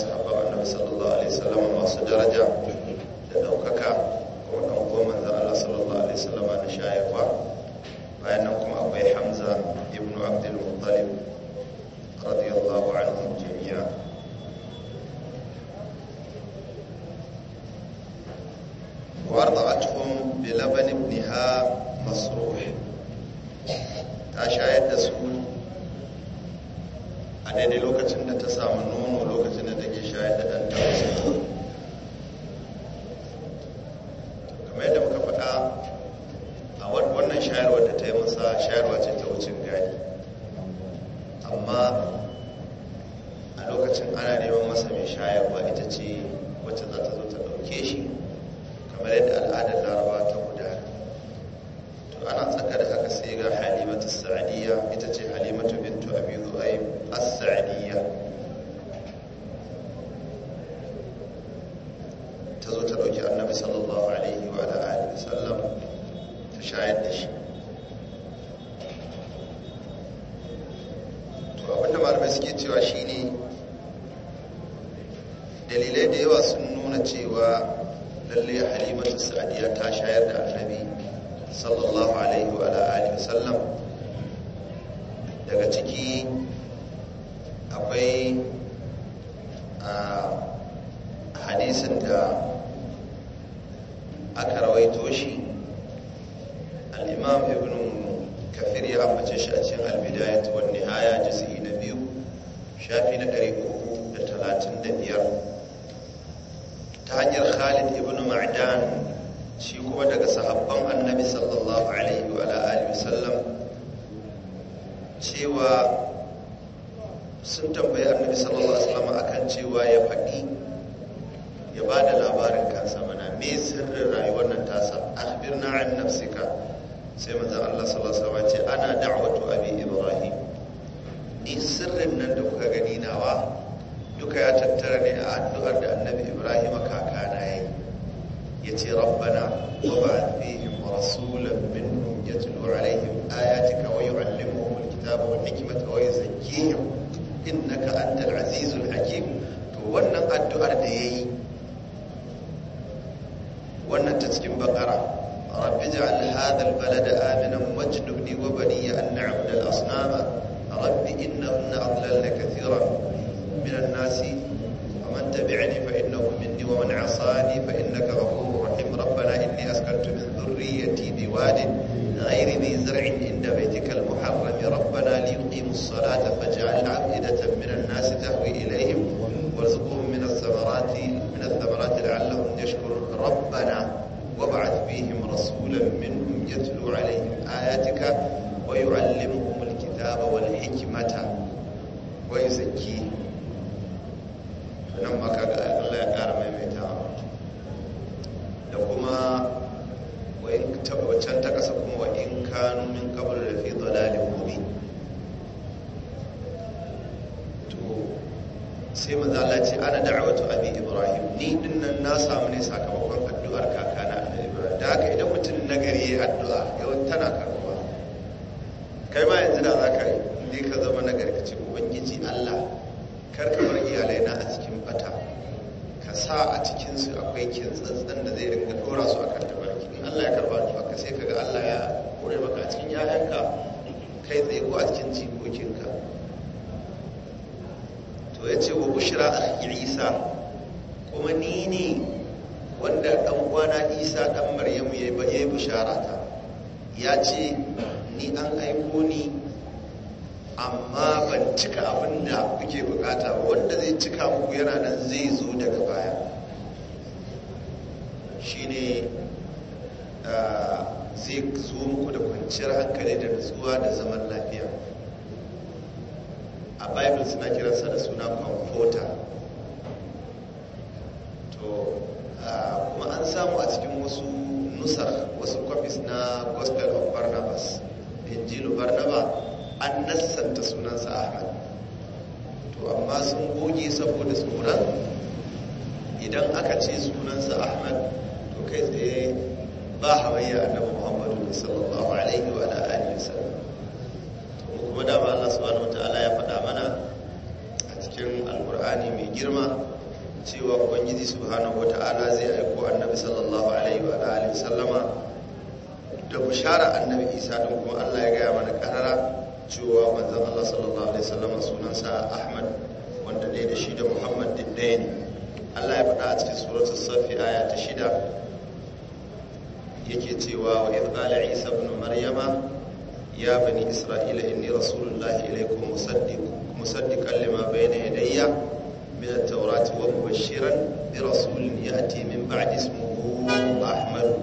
sahabba annabi sallallahu alaihi wasallam masu daraja da daukaka يتي ربنا وبعث فيهم رسولا منهم يتلو عليهم آياتك ويعلمهم الكتاب والحكمة ويزكيهم إنك أنت العزيز الحكيم تولنا قد أرديه وأن تسجن بقرة رب اجعل هذا البلد آمنا واجنبني وبني أن نعبد الأصنام رب إنهن أضللن كثيرا من الناس ومن تبعني فإن تولوا مني ومن عصاني فإنك غفور رحيم ربنا إني أسكنت من ذريتي بواد غير ذي زرع عند بيتك المحرم ربنا ليقيموا الصلاة فاجعل أفئدة من الناس تهوي إليهم وارزقهم من الثمرات من الثمرات لعلهم يشكرون ربنا وابعث فيهم رسولا منهم يتلو عليهم آياتك ويعلمهم الكتاب والحكمة ويزكيهم ana da'awatu abi ibrahim ni dinnan na samu ne sakamakon addu'ar kakana na ibrahim da haka idan mutum na gari ya addu'a yau tana karuwa kai ma yanzu da za ka ne ka zama na gari ka ce ubangiji allah kar ka bar iyalai na a cikin bata ka sa a cikinsu akwai kintsantsan da zai isa kuma ni ne wanda ɗan kwana isa ɗan maryamu ya yi bishara ta ya ce ni an aiko ni amma ban cika abin da kuke bukata wanda zai cika muku yana nan zai zo daga baya Shi ne zai zo muku da kwanciyar hankali da nutsuwa da zaman lafiya a bible suna kiransa da suna comforter kuma an samu a cikin wasu nusar wasu kwafis na gospel of barnabas injilu barnaba an nassanta sunansa ahmad to amma sun goge saboda tsoron idan aka ce sunansa ahmad to kai tsaye ba hamayya annabi muhammadu sallallahu alaihi wa alihi wasallam kuma dama Allah subhanahu wataala ya faɗa mana a cikin alkur'ani mai girma cewa ubangiji subhanahu wata'ala zai aiko annabi sallallahu alaihi wa alihi sallama da bushara annabi isa din kuma Allah ya gaya mana karara cewa manzon Allah sallallahu alaihi sallama sunansa Ahmad wanda dai da shi da Muhammad din Allah ya faɗa a cikin suratul safi aya ta shida yake cewa wa idh qala isa ibn maryama ya bani isra'ila inni rasulullahi ilaykum musaddiq musaddiqan lima bayna yadayya من التوراة ومبشرا برسول يأتي من بعد اسمه أحمد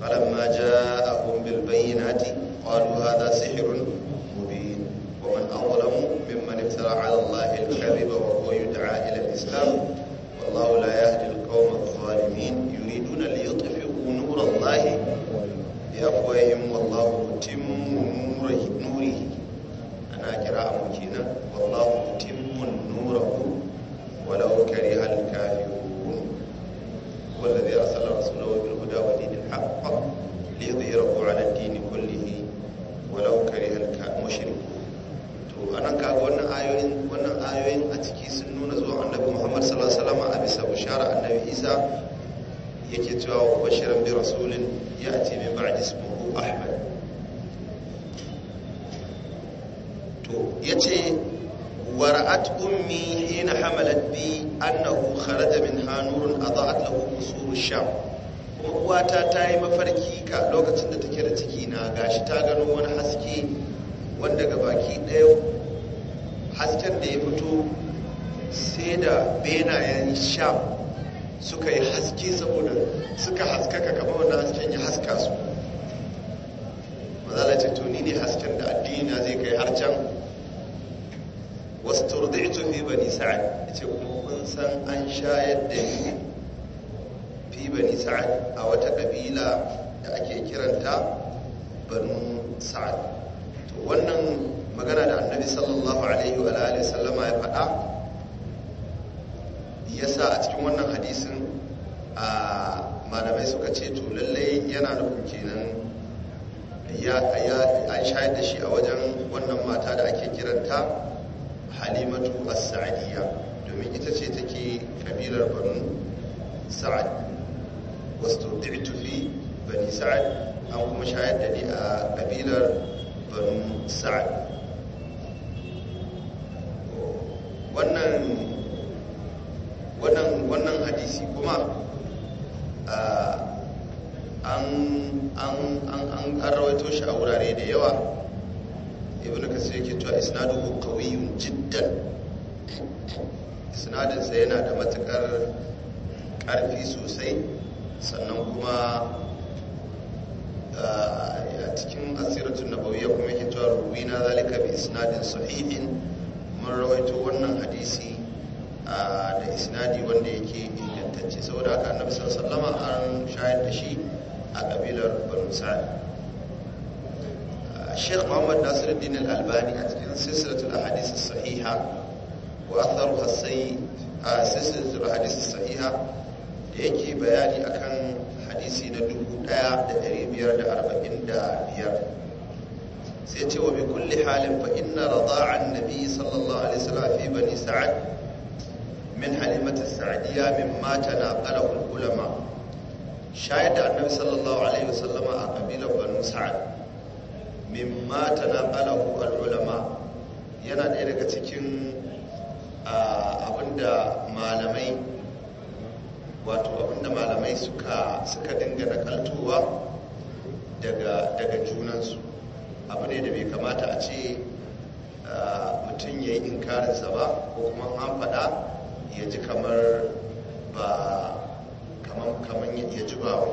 فلما جاءهم بالبينات قالوا هذا سحر مبين ومن أظلم ممن افترى على الله الكذب وهو يدعى إلى الإسلام والله لا يهدي القوم الظالمين يريدون ليطفئوا نور الله بأفواههم والله متم نوره أنا كراء مجينا والله متم نورهم ولو كره الكافرون هو الذي رسوله بالهدى ودين الحق ليظهره على الدين كله ولو كره المشركون ayoyin wannan ayoyin a ciki sun nuna zuwa annabi Muhammad sallallahu alaihi wasallam a bisa bushara annabi Isa yake cewa wa bashiran bi rasulin ووقعت أمي حين حملت بي أنه خرج منها نور أضاءت له قصور الشام kuma uwata ta yi mafarki ka lokacin da take da ciki na gashi ta gano wani haske wanda ga baki ɗaya hasken da ya fito sai da benayen sham suka yi haske saboda suka haskaka kamar wannan hasken ya haska su mazala ce to ni ne hasken da addini na zai kai har can wasu da turdi'itu fi bani sa'ad yace kuma kun san an shayar da ni fi bani sa'ad a wata kabila da ake kiranta banu sa'ad wannan magana da annabi sallallahu alaihi wa alihi sallama ya faɗa ya sa a cikin wannan hadisin a malamai suka ce to lallai yana nufin kenan ya an shayar da shi a wajen wannan mata da ake kiranta halimatu as-sa'adiyya domin ita ce take kabilar banu sa'ad wasu fi bani sa'ad an kuma shayar da ni a kabilar banu sa'ad wannan hadisi kuma an an rawaito shi a wurare da yawa ibn kasir yake cewa isnaduhu qawiyyun jiddan isnadinsa yana da matukar karfi sosai sannan kuma a cikin asiratun nabawiyya kuma yake cewa ruwina zalika bi isnadin sahihin mun rawaito wannan hadisi da isnadi wanda yake ingantacce saboda haka annabi sallallahu alaihi wasallam an shahid da shi a kabilar banu sa'id Sheikh Muhammad Nasiruddin Al-Albani a cikin silsilatul ahadith as-sahiha wa atharuha as a silsilatul ahadith as-sahiha da yake bayani akan hadisi na 1545 sai ce wa bi kulli halin fa inna rada'an nabi sallallahu alaihi wasallam fi bani sa'ad min halimati sa'diya mimma tanaqalahu al-ulama shayar da annabi sallallahu alaihi wasallam a kabilar banu sa'ad mimma tanaqalahu al-ulama yana ɗaya daga cikin abinda malamai wato abinda malamai suka dinga nakaltowa daga daga junansu abu ne da bai kamata a ce mutum ya yi inkarinsa ba ko kuma an faɗa ya ji kamar ba kamar ya ji ba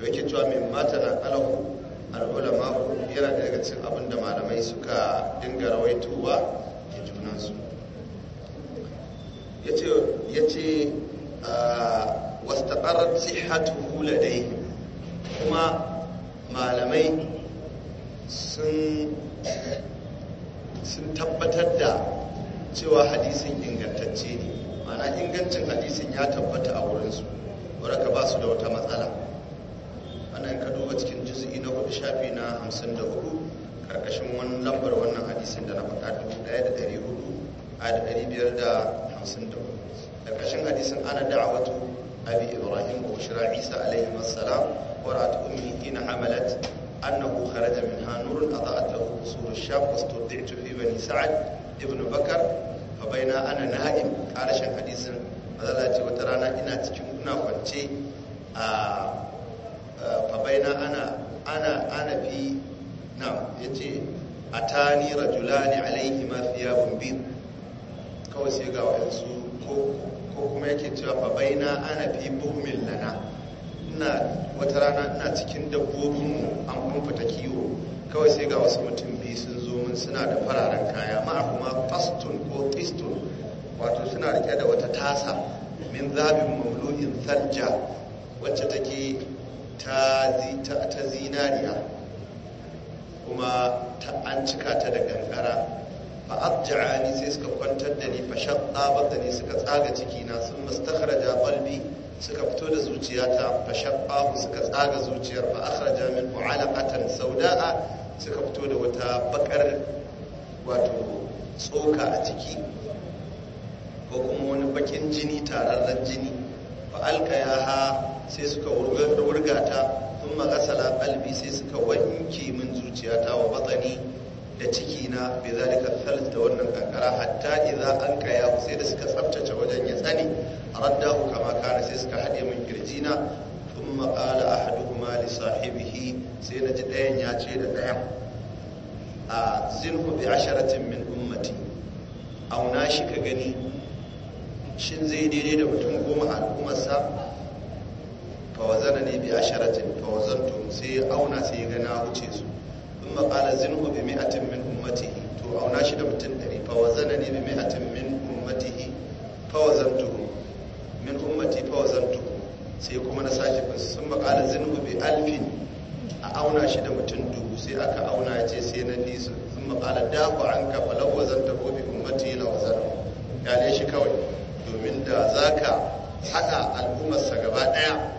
to yake cewa min mata alahu al'ulama yana da daga cikin abin da malamai suka dinga rawaituwa da junansu ya ce ah, wastaƙarar hula ladai kuma malamai sun tabbatar da cewa hadisin ingantacce ne mana ingancin hadisin ya tabbata a wurinsu wadda ka ba su da wata matsala ana kado a cikin juz'i na hudu shafi na hamsin da hudu karkashin wani lambar wannan hadisin da na faɗa dubu ɗaya da ɗari hudu a da ɗari biyar da hamsin da hudu karkashin hadisin ana da'awatu abi ibrahim wa bushra isa alaihi assalam wa ra'at ummi ina hamalat annahu kharaja minha nurun adha'at lahu usul ash-sham wastuddi'tu fi bani sa'ad ibn bakar fa baina ana na'im karashin hadisin mazala ce wata rana ina cikin kuna kwance a fabaina ana ana ana fi na yace atani rajulani alaihi ma thiyabun kawai sai ga wayansu ko kuma yake cewa fabaina ana fi bumin lana ina wata rana ina cikin dabbobin an kun fita kiwo kawai sai ga wasu mutum biyu sun zo mun suna da fararen kaya ma kuma fastun ko tistun wato suna rike da wata tasa min zabin mamlu'in salja wacce take ta zinariya kuma ta an cika ta da Ba a ja'ani sai suka kwantar da ni fa shaqqabat da ni suka tsaga ciki na sun da qalbi suka fito da zuciyata fa shaqqahu suka tsaga zuciyar ba a fa akhraja minhu alaqatan sauda'a suka fito da wata bakar wato tsoka a ciki ko kuma wani bakin jini tararren jini fa ha sai suka ta sun magasala kalbi sai suka wanke min zuciya ta wa batsani da cikina bai zalika thalith da wannan kankara hatta idza an kaya sai da suka tsaftace wajen ya tsani raddahu kama kana sai suka hade min kirjina thumma qala ahaduhuma li sahibihi sai na ji ɗayan ya ce da ɗayan a zinhu bi asharatin min ummati auna shi ka gani shin zai daidai da mutum goma al'ummarsa fawazana ne bi asharatin fawazantum sai ya auna sai ya ga na wuce su in maƙala zinhu bi mi'atin min ummatihi to auna shi da mutum ɗari fawazana ne bi mi'atin min ummatihi fawazantuhu min ummati fawazantuhu sai kuma na sake bin sun maƙala zin'u bi alfin a auna shi da mutum dubu sai aka auna ya ce sai na nisu sun maƙala dafa an kafa lawazanta ko bi ummati lawazanta ya ne shi kawai domin da za ka haɗa al'ummarsa gaba ɗaya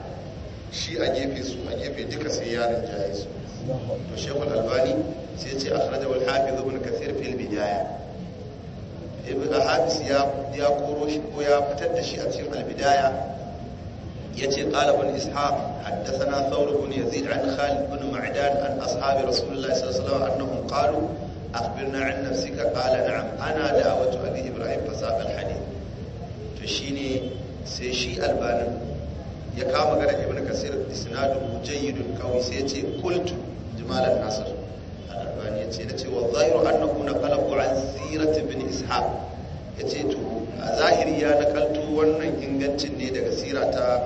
shi a gefe su a gefe duka sai yaron jaye to shekul albani sai ce a kharaja wal hafiz ibn kathir fil bidaya ibn hafiz ya ya koro shi ko ya fitar da shi a cikin al bidaya yace qala ibn ishaq haddathana thawr ibn yazid an khalid ibn ma'dan an ashabi rasulullah sallallahu alaihi wasallam annahum qalu akhbirna an nafsika qala na'am ana da'watu abi ibrahim fasaq al hadith to shine sai shi albanin ya kawo magana ibn kasir isnadu jayyidun kawai sai ya ce Kultu jimal al-nasr al-albani ya ce na ce wa zahiru annahu naqalahu an sirat ibn ishaq ya ce to a zahiri ya nakalto wannan ingancin ne daga sira ta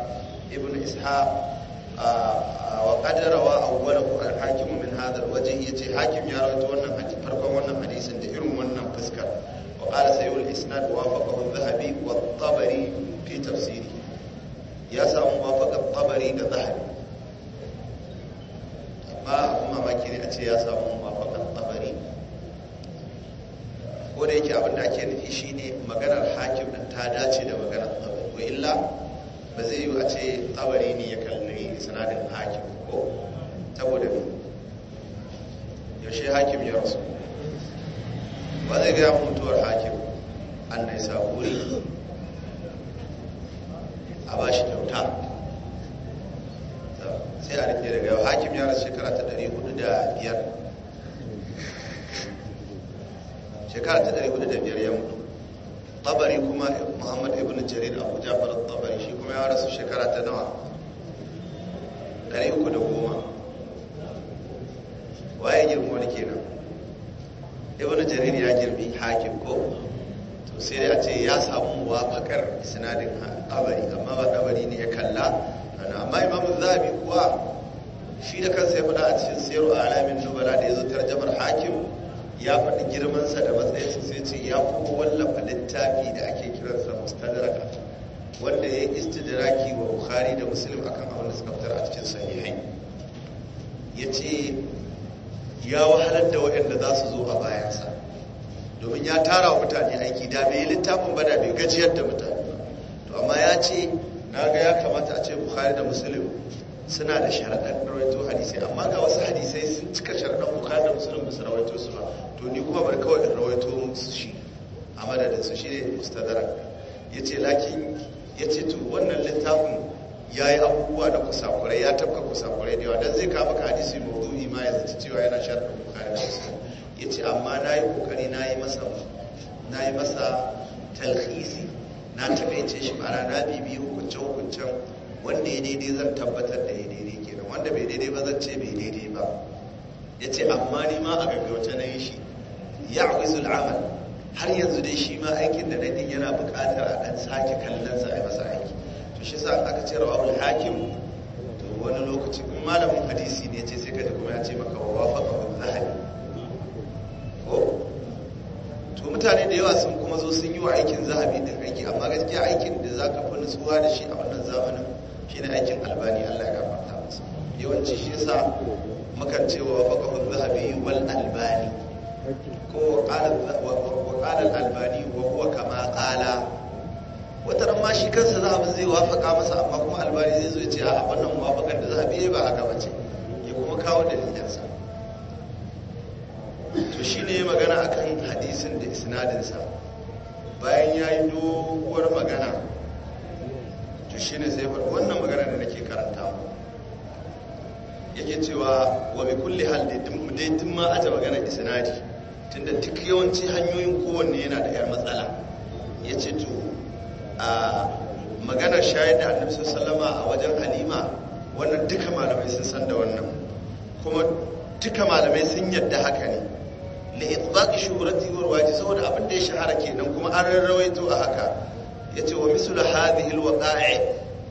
ibn ishaq wa qadarawa awwala qur'an hakim min hadha al-wajh ya ce hakim ya rawaito wannan hadisi farkon wannan hadisin da irin wannan fuskar wa qala sayyul isnad wa faqahu adh-dhahabi wa at-tabari fi tafsirihi ya samu mafakar tabari da zahari amma abin mamaki ne a ce ya samu mafakar tabari ko da yake abin da ake nufi ne maganar hakim da ta dace da maganar tabari ko illa ba zai yi a ce tabari ne ya kalli sanadin hakim ko saboda ne yaushe hakim ya rasu ba zai gaya mutuwar hakim an na isa wuri a ba shi kyauta sai a rike daga yau hakim ya rasu shekara ta ɗari hudu da biyar shekara ta ɗari hudu da biyar ya mutu tabari kuma muhammad ibn jarir a abu jafar tabari shi kuma ya rasu shekara ta nawa ɗari uku da goma waye girma wani kenan ibn jarir ya girbi hakim ko sai ya ce ya samu wafakar sinadin qabari amma ba qabari ne ya kalla amma imam zabi kuwa shi da kansa ya faɗa a cikin sayru alamin nubala da yazo tarjamar hakim ya faɗi girmansa da matsayinsa sai ce ya kuma wallafa littafi da ake kiransa mustadraka wanda ya istidraki wa bukhari da muslim akan abin da suka fitar a cikin sahihai ya ce ya wahalar da waɗanda za su zo a bayansa domin ya tara wa mutane aiki da bai littafin ba da bai gajiyar da mutane to amma ya ce na ga ya kamata a ce bukhari da musulun suna da sharaɗar rawaito hadisai amma ga wasu hadisai sun cika sharaɗar bukhari da musulun ba rawaito su ba to ni kuma bar kawai in rawaito musu shi a madadin su shi ne mustadara ya ce lakin ya ce to wannan littafin ya yi abubuwa da kusakurai ya tafka kusakurai da yawa don zai kama ka hadisi mai ma ya zaci cewa yana sharaɗar bukhari da musulun. ya ce amma na yi kokari na yi masa na yi masa talhisi na taɓaice shi mara na bibiyu hukuncen hukuncen wanda ya daidai zan tabbatar da ya daidai kenan wanda bai daidai ba zan ce bai daidai ba ya ce amma ni ma a gaggauta na yi shi ya awizul amal har yanzu dai shi ma aikin da na din yana bukatar a ɗan sake kallon sa a masa aiki to shi sa aka ce rawahul hakim to wani lokaci in malamin hadisi ne ya ce sai ka ji kuma ya ce maka wa wafaqa zahabi to mutane da yawa sun kuma zo sun yi wa aikin zahabi da aiki amma gaskiya aikin da za ka fi nutsuwa da shi a wannan zamanin shi ne aikin albani allah ya gafarta masa yawanci shi yasa mukan ce wa faƙahun zahabi wal albani ko wa ƙalar albani wa kuwa kama ƙala wata ran ma shi kansa zahabin zai wafaka masa amma kuma albani zai zo ya ce a wannan wafakar da zahabi ba haka ba ce ya kuma kawo dalilinsa. to shi ne magana akan hadisin da isnadinsa bayan ya yi doguwar magana to shi ne sai wannan magana da nake karanta yake cewa wa mai kulle hal dai duk ma aje magana isnadi tunda duk yawanci hanyoyin kowanne yana da yar matsala ya ce to a magana shayar da annabi salama a wajen halima wannan duka malamai sun san da wannan kuma duka malamai sun yadda haka ne li itbaq shuhrati wa rawaji saboda abin da ya shahara kenan kuma an rarrawaito a haka yace wa mislu hadhihi alwaqa'i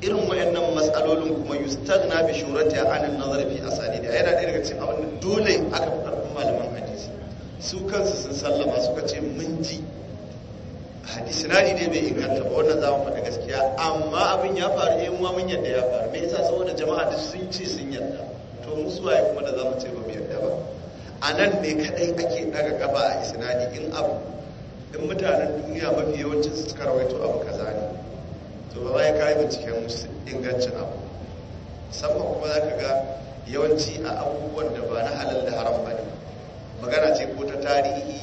irin wayannan mas'alolin kuma yustagna bi shuhrati an an-nazar fi da yana da daga cikin abin da dole aka fi karfin malaman hadisi su kansu sun sallama suka ce mun ji hadisi na ne bai inganta ba wannan za mu faɗa gaskiya amma abin ya faru eh mu mun yadda ya faru me yasa saboda jama'a da sun ce sun yadda to waye kuma da za mu ce ba mu yadda ba a nan ne kadai ake daga gaba a isnadi in abu in mutanen duniya mafi yawancin su suka rawaito abu kaza ne to ba ya kai binciken ingancin abu musamman kuma za ka ga yawanci a abubuwan da ba na halal da haram ba ne magana ce ko ta tarihi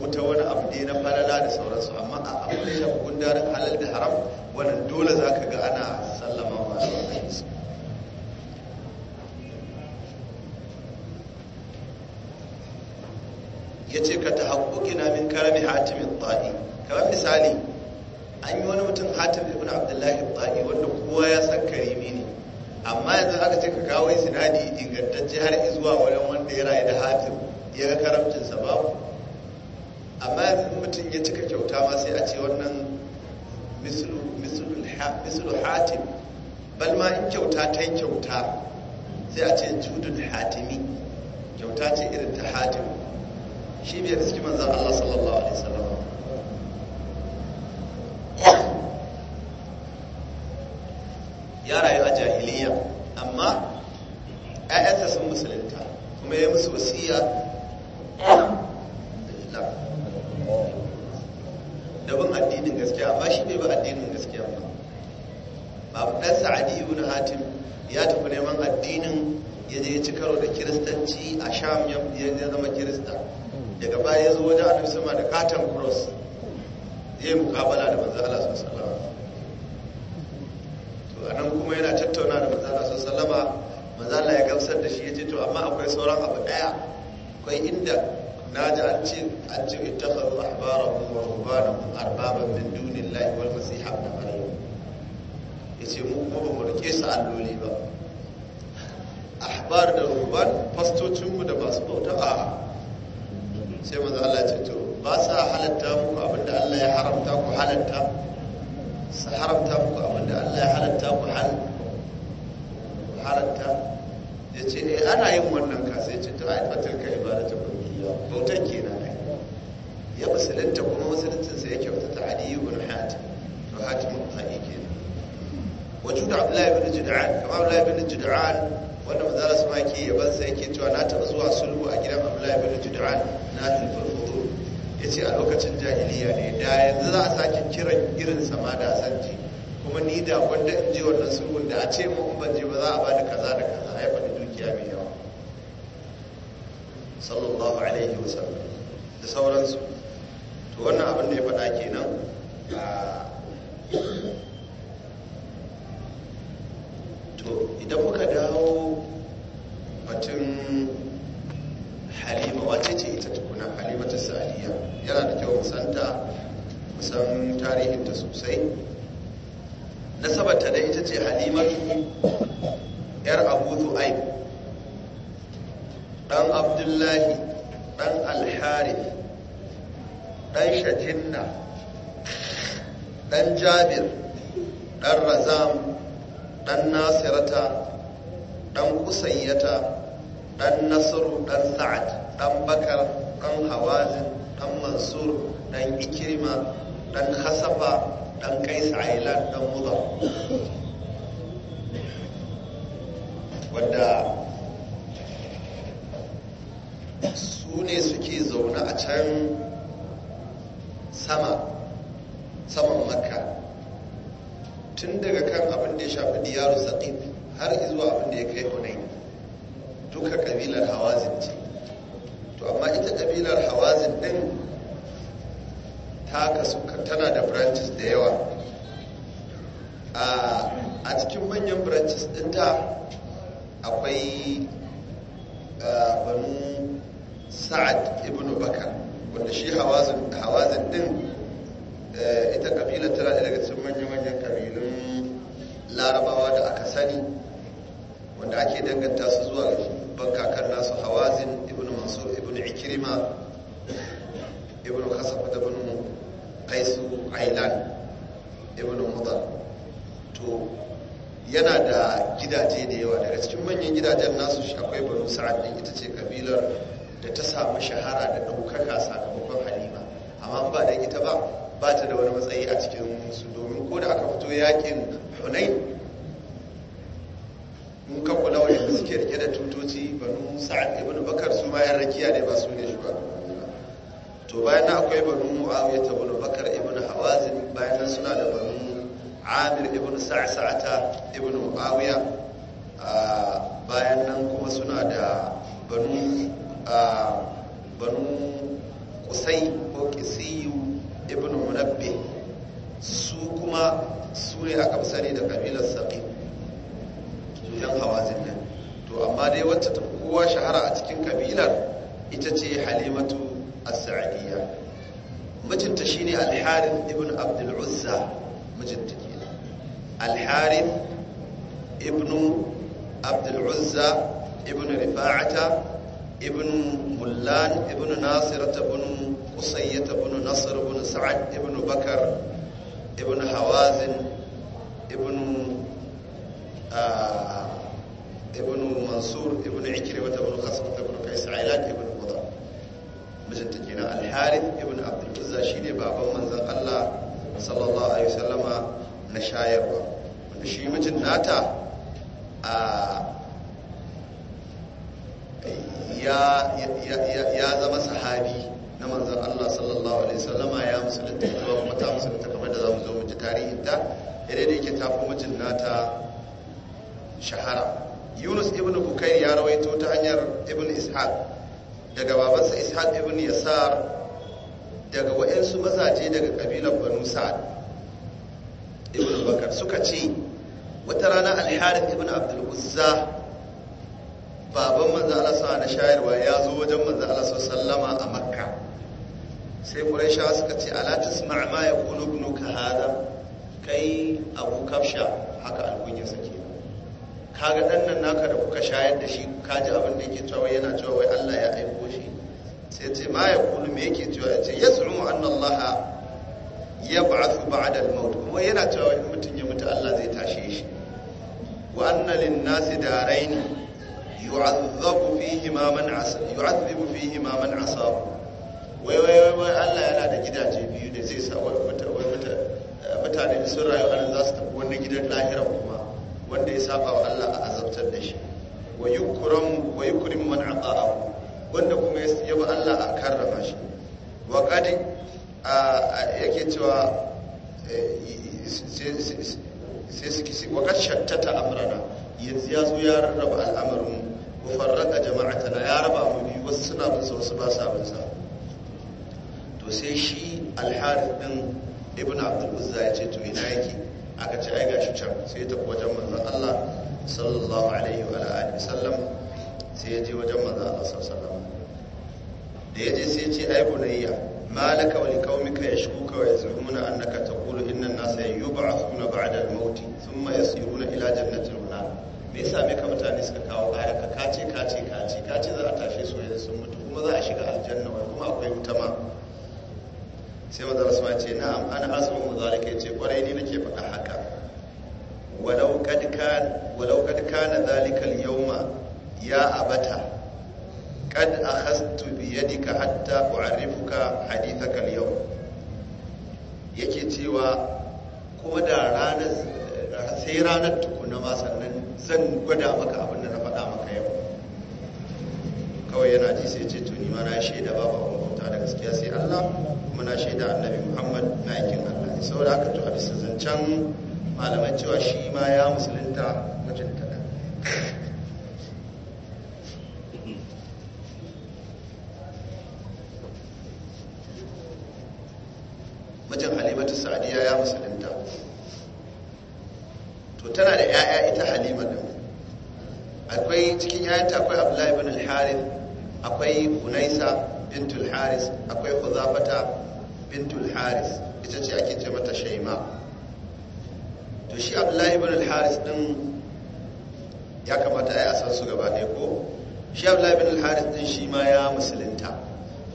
ko ta wani abu ne na falala da sauransu amma a abu da shafi gundarin halal da haram wannan dole za ka ga ana sallama masu wani ya ce ka tahaqquqi na min karami hatim al-ta'i kamar misali an yi wani mutum hatim ibn abdullahi al-ta'i wanda kowa ya san karimi ne amma yanzu aka ce ka kawo sinadi ingantacce har zuwa wani wanda ya rayu da hatim ya ga karamcin sa babu amma yanzu mutum ya cika kyauta ma sai a ce wannan mislu hatim bal ma in kyauta ta yi kyauta sai a ce judul hatimi kyauta ce irin ta hatim shi bai riski manzan Allah sallallahu alaihi wasallam ya rayu a jahiliya amma ‘ya'yansa sun musulunta kuma ya musu wasiya da bin addinin gaskiya amma shi bai ba addinin gaskiya ba babu ɗan sa'adi ibn hatim ya tafi neman addinin ya je ya ci karo da kiristanci a sham ya zama kirista daga baya ya zo wajen annabi sama da katon cross yi mukabala da manzo Allah sallallahu alaihi to anan kuma yana tattauna da manzo Allah sallallahu alaihi manzo Allah ya gamsar da shi ya ce to amma akwai sauran abu daya akwai inda naji an ce an ce ittakhadhu ahbarahum wa rubbanahum arbaban min dunillahi wal masih ibn maryam yace mu kuma ba mu rike su alloli ba ahbar da ruban fastocinmu da masu bauta a'a sai manzo Allah ce to ba sa halatta muku abinda Allah ya haramta ku halatta sa haramta muku abinda Allah ya halatta ku hal halatta ya ce ne? Eh, ana yin wannan ka sai ce to ai fatilka ibadatu kulliya bautan kenan ai ya musulunta kuma musuluncin sa ya kyautata Ali ibn Hatim to Hatim mutaki kenan wajud Abdullahi ibn Jud'an kamar Abdullahi ibn Jud'an wanda manzo Allah sama yake yaban sa yake cewa na taba zuwa sulhu a gidan Abdullahi ibn Jud'an nasin farko ya ce a lokacin jahiliya ne da yanzu za a sake kiran irin sama da san kuma ni da wanda in ji wannan sulhun da a ce mu ban je ba za a bada kaza da kaza ai bani dukiya mai yawa sallallahu alaihi wasallam da sauransu to wannan abin da ya faɗa kenan to idan muka dawo batun halima wace ce ita tukuna halima ta sa'adiyya yana da kyau musanta musan tarihinta sosai nasabarta da ita ce halima yar abu zu'aib dan abdullahi dan alharif dan shatinna dan jabir dan razam dan nasirata dan kusayyata Ɗan nasiru Ɗan sa'ad Ɗan bakar dan hawazin dan mansur dan ikirma dan hasafa dan kais ailan dan mudar wadda su suke zaune a can sama saman makka tun daga kan abin da ya shafi diyaru saƙif har izuwa abin da ya kai hunayi duka kabilar hawazin ce to amma ita kabilar hawazin din ta kasu tana da branches da yawa a cikin manyan branches ta akwai banu sa'ad ibn bakar wanda shi hawazin din e, ita kabilar tana da daga cikin manyan kabilun larabawa da aka sani wanda ake danganta su zuwa ga shi babban kakan nasu hawazin ibn mansur ibn ikirima ibn kasaf da ibn kaisu ailan ibn mudar to yana da gidaje da yawa daga cikin manyan gidajen nasu akwai banu sa'ad din ita ce kabilar da ta samu shahara da ɗaukaka sakamakon halima amma ba da ita ba ba ta da wani matsayi a cikin su domin ko da aka fito yakin hunain mun kammala wani suke rike da tutoci banu sa'ad ibn bakar su ma yan rakiya ne ba su ne shi ba to bayan nan akwai banu muawiya ta banu bakar ibn hawazin bayan nan suna da banu amir ibn sa'sa'ata ibn muawiya bayan nan kuma suna da banu banu kusai ko kisiyu ibn munabbi su kuma su ne aka fi sani da kabilar saqif yan hawazin nan to amma dai wacce ta kowa shahara a cikin kabilar ita ce halimatu as-sa'idiyya mijinta shine al-harith ibn abd al-uzza mijinta kenan al-harith ibn abd al-uzza ibn rifa'ata ibn mullan ibn nasirata ibn qusayyata ibn nasr ibn sa'ad ibn bakar ibn hawazin ibn ibn mansur ibn ikrimah ibn khasab ibn qais ailat ibn mudar mijinta kenan al-harith ibn abdul uzza shine baban manzon Allah sallallahu alaihi wasallama na shayarwa wanda shi mijin nata ya zama sahabi na manzan Allah sallallahu alaihi wasallama ya musulunta kuma ta musulunta kamar da zamu zo mu ji ta. ya daidai ke tafi mijin nata shahara yunus ibn bukai ya rawaito ta hanyar ibn ishaq daga babansa ishaq ibn yasar daga wa'insu mazaje daga kabilar banu sa'ad ibn bakar suka ce wata rana alharith ibn abdul uzza baban manzo Allah na shayarwa ya zo wajen manzo Allah sallama a makka sai quraisha suka ce ala tasma' ma yaqulu ibnuka hada kai abu kafsha haka alkunyarsa sake kaga dan nan naka da kuka shayar da shi ji abin da yake cewa yana cewa wai Allah ya aiko shi sai ce ma ya kulu me yake cewa ya ce yaz'umu anna Allah yab'athu ba'da al-maut kuma yana cewa in mutun ya mutu Allah zai tashe shi wa anna lin-nasi darain yu'adhabu fihi ma man asa yu'adhibu fihi ma man asa wai wai wai Allah yana da gidaje biyu da zai sa wai mutane sun rayu an za su tafi wannan gidan lahira kuma wanda ya saba wa Allah a azabtar da shi wa yukramu wa yukrimu man ata'ahu wanda kuma ya ba Allah a karrama shi wa qad yake cewa sai suke sai wa qad shattata amrana yanzu ya zo ya rarraba al'amarin wa farraka jama'atana ya raba mu biyu wasu suna bin sa wasu ba sa bin sa to sai shi al din ibn abdul uzza ya ce to ina yake aka ce ai shi can sai ta tafi wajen manzon Allah sallallahu alaihi wa alihi sallam sai ya je wajen manzon Allah sallallahu da ya je sai ya ce ai bunayya malaka wa liqaumika yashkuka wa yazumuna annaka taqulu inna an-nasa yub'athuna ba'da al-maut thumma yasiruna ila jannati al-nar me yasa me ka mutane suka kawo aya ka kace kace kace kace za a tafi su yanzu sun mutu kuma za a shiga aljanna wai kuma akwai wuta ma sai wata rasuwa ce na'am ana asibin mu zalika ce kwarai ne nake faɗa haka walau kad kana zalikal yawma ya abata kad akhastu bi yadika hatta u'arrifuka hadithaka al yake cewa ko da ranar sai ranar tukuna ma sannan zan gwada maka abin da na faɗa maka yau kawai yana ji sai ce tuni ma na shaida babu ta da gaskiya sai Allah kuma na shaida annabi Muhammad na yakin Allah ne saboda haka to a bisa zancen malaman cewa shi ma ya musulunta mijinta da Halima halimatu sa'adiyya ya musulunta to tana da 'ya'ya ita halima din akwai cikin 'ya'yanta akwai abdullahi ibn al-harith akwai unaisa bintul haris akwai huzafata bintul haris ita ce ake ce mata shaima to shi abdullahi bin al-haris din ya kamata ya san su gaba ɗaya ko shi abdullahi bin al-haris din shi ma ya musulunta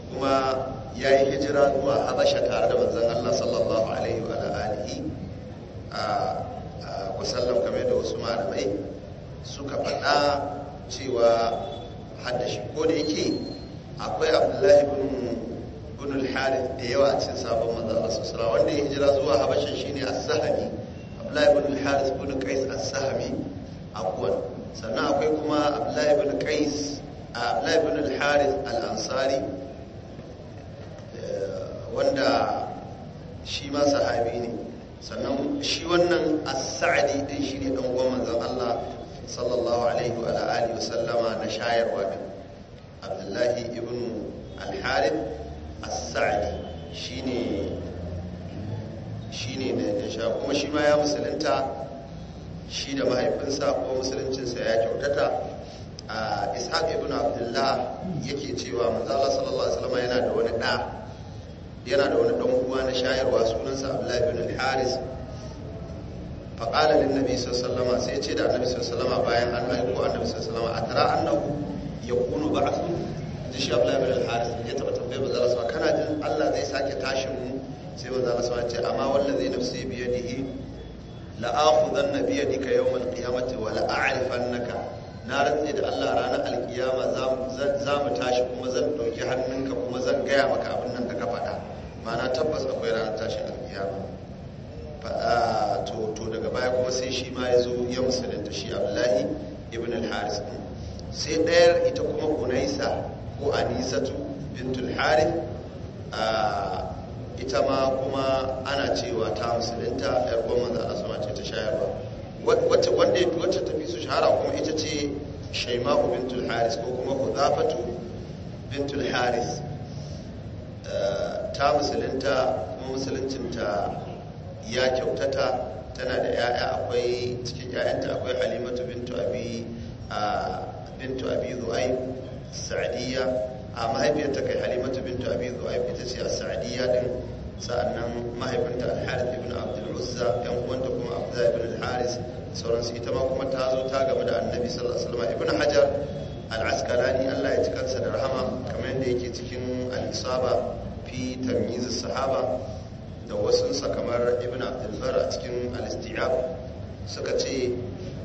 kuma ya yi hijira zuwa habasha tare da manzon Allah sallallahu alaihi wa alihi a sallam kamar da wasu malamai suka faɗa cewa haddashi ko da yake akwai abdullahi bin al-harith da yawa a cikin sabon manzo Allah sallallahu wanda ya hijira zuwa habasha shine a sahami. abdullahi bin al-harith bin qais a sahmi afwan sannan akwai kuma abdullahi bin qais abdullahi bin al-harith al-ansari eh, wanda shi ma sahabi ne sannan shi wannan as-sa'di din shine dan uwan manzon Allah sallallahu alaihi wa alihi wa sallama na shayarwa din abdullahi ibn al-harib as-sa'di shine shine da sha kuma shi ma ya musulunta shi da mahaifinsa ko musuluncinsa ya kyautata a ishaq ibn abdullah yake cewa manzo Allah sallallahu alaihi wasallam yana da wani da yana da wani dan uwa na shayarwa sunansa abdullah ibn al-haris fa lin nabi sallallahu alaihi wasallam sai ya ce da annabi sallallahu alaihi wasallam bayan an aiko annabi sallallahu alaihi wasallam atara annahu ya kunu ba a da shi abu labar al-haris ya taba tambaye ba za su kana jin allah zai sake tashin mu sai ba za su ce amma wanda zai nafsi biya dihi la'akudan na biya dika yau mal kiyamati wa la'arifan naka na rantse da allah ranar alkiyama za mu tashi kuma zan ɗauki hannunka kuma zan gaya maka abin nan da ka faɗa ma'ana tabbas akwai ranar tashin alkiyama to daga baya kuma sai shi ma ya zo ya musulunta shi abdullahi ibn al-haris din sai ɗayar ita kuma unaisa ko anisatu bintul harith ita ma kuma ana cewa ta musulunta yar da asama ce ta shayarwa wacce wanda ya fi wacce tafi su shahara kuma ita ce shaima'u bintul haris ko kuma ku zafatu bintul haris ta musulunta kuma musuluncinta ya kyautata tana da 'ya'ya akwai cikin 'ya'yanta akwai halimatu bintu abi a bintu abi zu'aib sa'diya a mahaifiyarta kai halimatu bintu abi zu'aib ita ce a sa'diya din sa'annan mahaifinta al haris ibn abdul uzza yan uwanta kuma abdul ibn al-haris sauransu ita ma kuma ta zo ta gaba da annabi sallallahu alaihi wasallam ibn hajar al-asqalani Allah ya ji kansa da rahama kamar yadda yake cikin al-isaba fi tamyiz sahaba da wasu sa kamar ibn abdul bar a cikin al-istiyab suka ce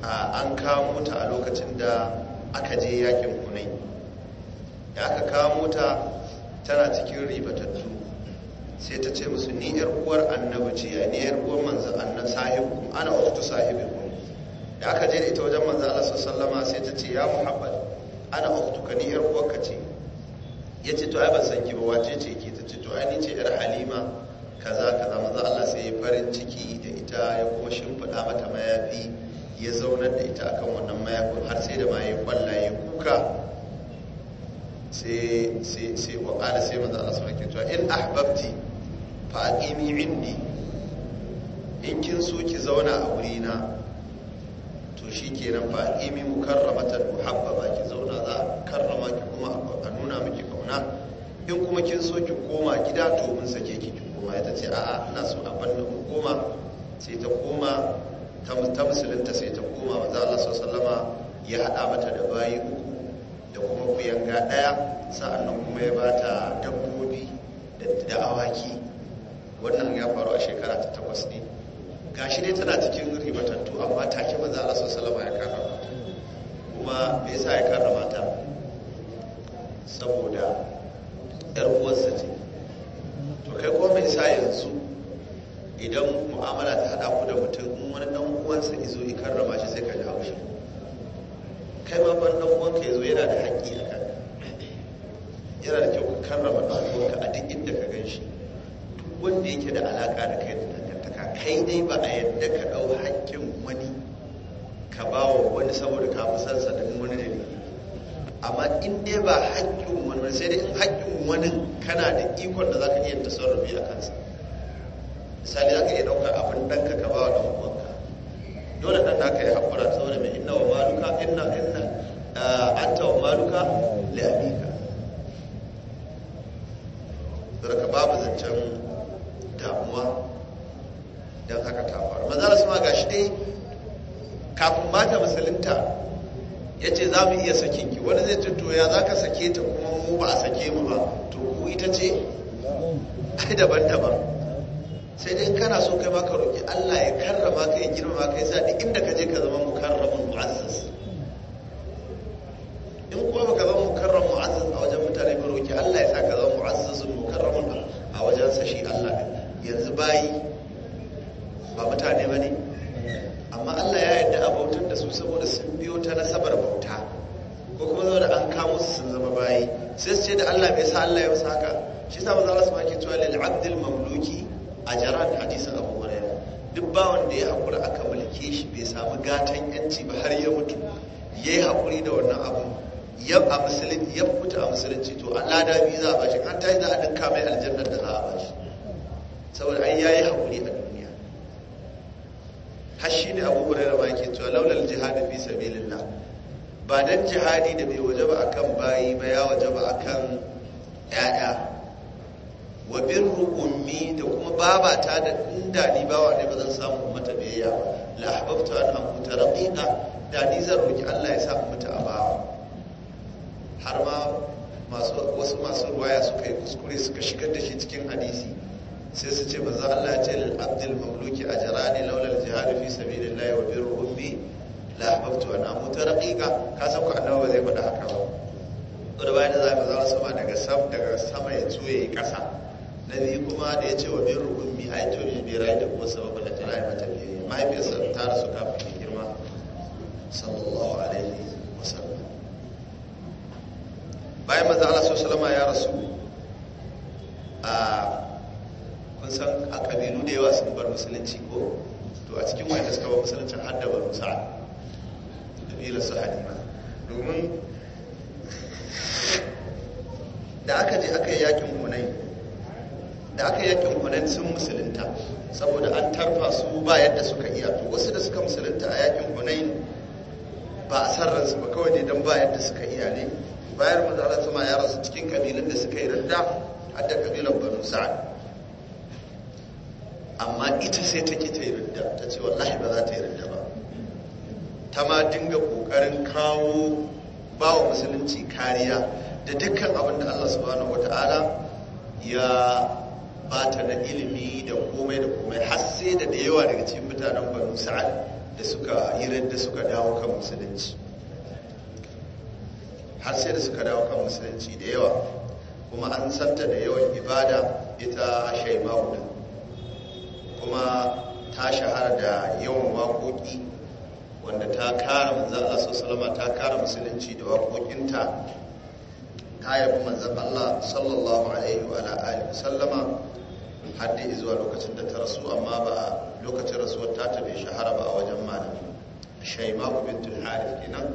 an kawo mota a lokacin da aka je yakin kunai da aka kamo ta tana cikin ribatattu sai ta ce musu ni yar uwar annabi ce ni yar uwar manzo annabi sahibu ana ukhtu sahibikum da aka je da ita wajen manzo Allah sallama sai ta ce ya Muhammad ana ukhtuka ni yar ka ce yace to ai ban san ki ba wace ce ki ta ce to ai ni ce yar Halima kaza kaza manzo Allah sai ya farin ciki da ita ya kuma shimfida mata mayafi ya zaunar da ita akan wannan mayakun har sai da maye kwallaye kuka sai wakala sai maza a suna kyautuwa in ahbabti fa aqimi indi in kin so ki zauna a wurina to shi kenan ta aqimi haɓa ba ki zauna za karrama ki kuma a nuna miki kauna in kuma kin so ki koma gida to mun sake ki ki koma ta ce a'a ina so a mu koma sai ta koma ta musulunta sai ta koma maza Allah sallama ya haɗa mata da bayi uku da kuma kuyanga ɗaya sa'annan kuma ya bata dabbobi da awaki wannan ya faru a shekara ta takwas ne gashi dai tana cikin ribatattu amma take maza Allah sallama ya karrama kuma me yasa ya karrama ta saboda yar uwarsa ce to kai kuma me yasa yanzu idan mu'amala ta hada ku da mutum in wani dan uwansa izo ya karrama shi sai ka ji haushi kai ma ban dan uwanka yazo yana da haƙƙi a kan yana da kyau ka karrama dan uwanka a duk inda ka gan shi duk wanda yake da alaka da kai da dangantaka kai dai ba a yadda ka dau haƙƙin wani ka ba wa wani saboda ka fi sansa da wani ne amma in dai ba haƙƙin wani sai dai in haƙƙin wani kana da ikon da za ka iya tasarrufi a kansa misali za ka iya ɗaukar abin dan ka ba wa ɗan uwanka dole dan naka ya haƙura saboda mai inna wa maluka inna inna anta wa maluka li abika ba babu zancen damuwa don haka ta faru maza su ma gashi dai kafin mata musulunta ya ce za mu iya sakin ki wani zai to ya za ka sake ta kuma mu ba a sake mu ba to ku ita ce ai daban-daban sai dai kana so kai maka roƙi Allah ya karrama ka ya girma ka ya sa inda ka je ka zama mukarramun mu'azzaz in kuma baka zama mukarram mu'azzaz a wajen mutane ba roƙi Allah ya sa ka zama mu'azzazun mukarramun a wajen sashi Allah yanzu bayi ya fita a musulunci to an lada biyu za a bashi an tashi za a dinka mai aljannar da za a bashi saboda an yayi haƙuri a duniya Hashi shi ne abu hurairu ma yake cewa laulal jihadi fi sabilillah ba dan jihadi da bai waje ba a kan bayi ba ya waje wajaba akan ƴaƴa wa birru ummi da kuma babata da inda ni bawa ne ba zan samu mata biyayya ba la ahbabtu an aquta raqiqa da ni zan roki Allah ya sa mata a bawa har ma wasu masu ruwaya suka yi kuskure suka shigar da shi cikin hadisi sai su ce manzo Allah ya ce lil abdul mamluki ajrani laula al jihad fi sabilillahi wa birru ummi la a an amuta raqiqa ka san ku annabi ba zai faɗa haka ba to da bayan da zai manzo sama daga sam daga sama ya tsoye kasa biyu kuma da ya ce wa birru ummi yi to bi birai da kuma sababu da jira'i mata biye mahaifiyarsa ta rasu kafin girma sallallahu alaihi bayan maza Allah salama ya rasu a kun san a kabilu da yawa sun bar musulunci ko to a cikin wani suka bar musulunci har da banu sa'ad kabilar su halima domin da aka je aka yi yakin hunai da aka yi yakin hunai sun musulunta saboda an tarfa su ba yadda suka iya to wasu da suka musulunta a yakin hunai ba a sarransu ba kawai ne don ba yadda suka iya ne bayan manzala sama ya rasu cikin kabilun da suka yi radda hadda kabilan banu sa'ad amma ita sai ta ki ta yi radda ta ce wallahi ba za ta yi radda ba ta ma dinga kokarin kawo ba wa musulunci kariya da dukkan abin da Allah subhanahu ta'ala ya bata na ilimi da komai da komai har da da yawa daga cikin mutanen banu sa'ad da suka yi radda suka dawo kan musulunci har sai da suka dawo kan musulunci da yawa kuma an santa da yawan ibada ita shai mawuda kuma ta shahara da yawan waƙoƙi wanda ta kara manzan Allah sallama ta kara musulunci da waƙoƙinta ta yabi manzan Allah sallallahu alaihi wa alihi sallama har zuwa lokacin da ta rasu amma ba lokacin rasuwar ta bai shahara ba a wajen malami shaima'u bintul harith kenan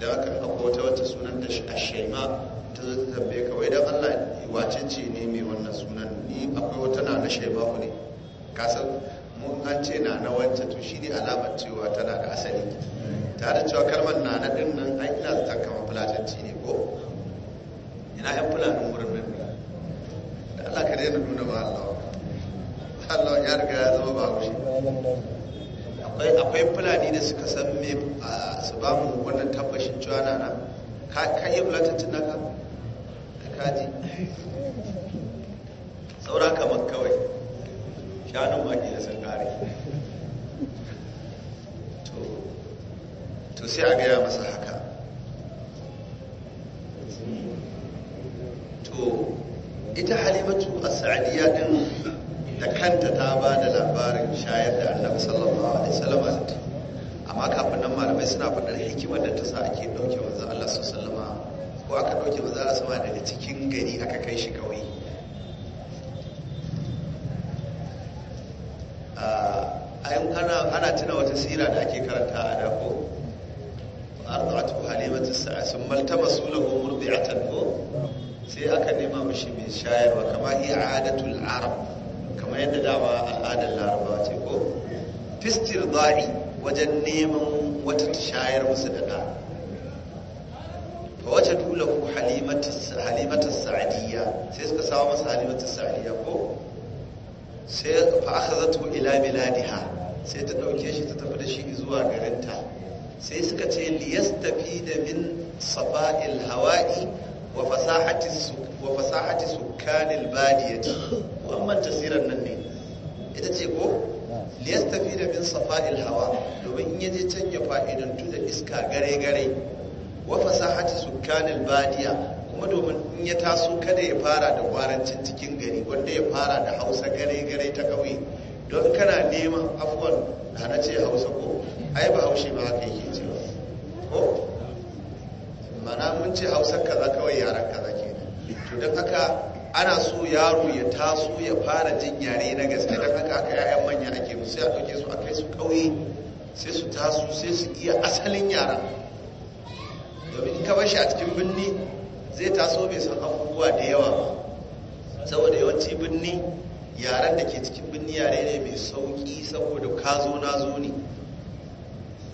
da aka haka wata wata sunan ta shaima, ta zo ta tambaye ka wai dan Allah wace ce ne mai wannan sunan ni akwai wata na na shaima ku ne Kasar mun an ce na na wancan to ne alamar cewa tana da asali ta da cewa kalmar na na din nan an ina zata kama fulatanci ne ko ina yan fulanin wurin nan ne da Allah ka daina nuna ba Allah Allah ya riga ya zama ba shi. akwai fulani da suka san me su ba mu wannan tabbashin cewa na na ka iya fulatantin naka da kaji saura kamar kawai shanun maki da sun kare to sai a gaya masa haka to ita halimatu a sa'adiyya din da kanta ta ba da labarin shayar da annabi sallallahu alaihi wasallam amma kafin nan malamai suna faɗar hikimar da ta sa ake ɗauke manzo Allah sallallahu alaihi ko aka ɗauke manzo Allah sallallahu daga cikin gari aka kai shi kauye ana tuna wata sira da ake karanta a dako arda'atu halimatu sa'a sun maltama sulahu murbi'atan ko sai aka nema mishi mai shayarwa Kamar iya adatul arab kamar yadda dama al'adar larabawa ce ko fistir zari wajen neman wata tashayar musu da ɗa wace dula ku halimatar sa'adiyya sai suka samu masa halimatar sa'adiyya ko sai fa aka zato ila miladiha sai ta ɗauke shi ta tafi da shi zuwa garinta sai suka ce liyasta tafi da min safa'il hawa'i wa fasahati sukanin fasahati sukkanil wannan tasirar nan ne ita ce ko tafi da bin safa'il hawa domin in yaje can ya fa'idantu da iska gare gare wa fasahati sukanin badiya kuma domin in ya taso kada ya fara da kwarancin cikin gari wanda ya fara da hausa gare gare ta kauye don kana neman afwan na ce hausa ko ai ba haushe ba haka yake cewa ko mana mun ce hausar kaza kawai yaran kaza ke to don haka ana so yaro ya taso ya fara jin yare na gaske don haka aka yayan manya ake musu ya ɗauke su a kai su ƙauye sai su taso sai su iya asalin yaran domin ka bashi a cikin birni zai taso bai san abubuwa da yawa ba saboda yawanci birni yaren da ke cikin birni yare ne mai sauki saboda ka zo na zo ne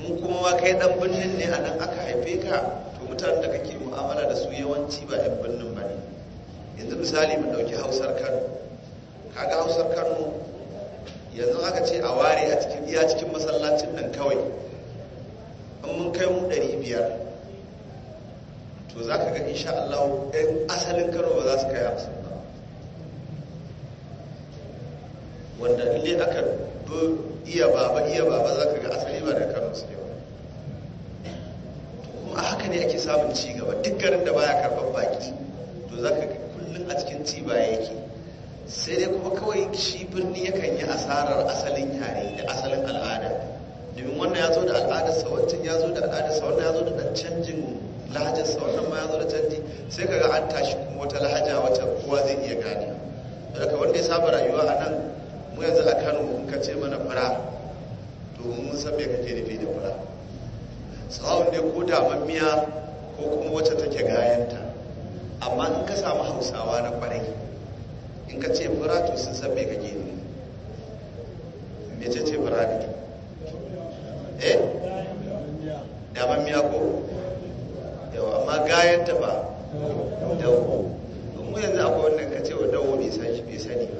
in kuma ma kai dan birnin ne a nan aka haife ka to mutanen da kake mu'amala da su yawanci ba yan birnin ba ne yanzu misali mu ɗauki hausar kano kaga hausar kano yanzu aka ce a ware a cikin iya cikin masallacin nan kawai in mun kai mu ɗari biyar to za ka ga insha Allah ɗan asalin kano ba za su kai hamsin ba wanda in aka bi iya baba iya baba za ka ga asali ba da kano su ba kuma haka ne ake samun ci gaba duk garin da baya karɓar baki to za ka ga kullum a cikin ci baya yake sai dai kuma kawai shi birni yakan yi asarar asalin yare da asalin al'ada domin wannan ya zo da al'adarsa wancan ya zo da al'adarsa wannan ya zo da canjin canjin lahajarsa wannan ma ya zo da canji sai kaga an tashi kuma wata lahaja wata kowa zai iya gane daga wanda ya saba rayuwa a nan mu yanzu a kano mun ka ce mana fara to mun san me kake nufi da fara sawun ne ko miya ko kuma wacce take gayanta amma in ka samu hausawa na kwarai in ka ce fara to sun san me kake nufi me ce fara eh? da eh miya ko yawa amma gayanta ba dawo mu yanzu akwai wannan ka ce wa dawo bai sani ba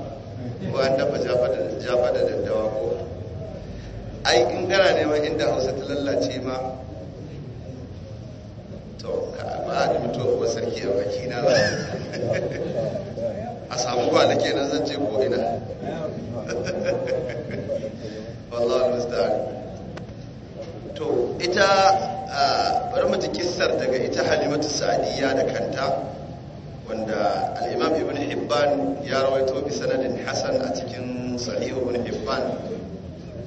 ko an dafa jafa da daddawa ko ai in gana neman inda hausa ta lallace ma to ka ba a mutu ba sarki a baki na ba a samu ba da kenan zan ce ko ina wallahi musta'an to ita ah, bari mu ji kissar daga ita halimatu sa'adiyya da kanta wanda al'imam ibn hibban ya rawaito bi sanadin Hassan a cikin sahihu ibn hibban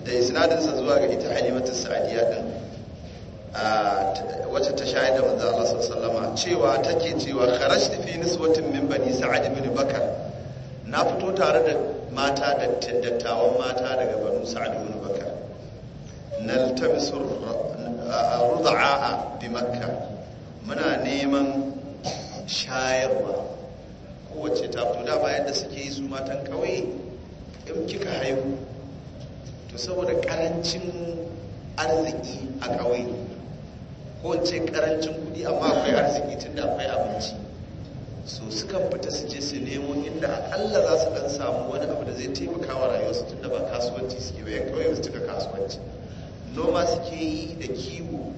da sinadinsa zuwa ga ita halimatu sa'diya din wacce ta da manzo Allah sallallahu cewa take cewa kharajtu fi niswatin min bani sa'ad ibn bakar na fito tare da mata da dattawan mata daga banu sa'ad ibn bakar naltamisu ruda'a bi makkah muna neman shayarwa kowace ta fito da bayan da suke yi su matan kawai in kika haihu to saboda karancin arziki a kawai ko karancin kudi amma akwai arziki tun da akwai abinci so sukan fita su je su nemo inda akalla za su dan samu wani abu da zai taimaka wa rayuwarsu da ba kasuwanci suke bayan kawai su cika kasuwanci noma suke yi da kiwo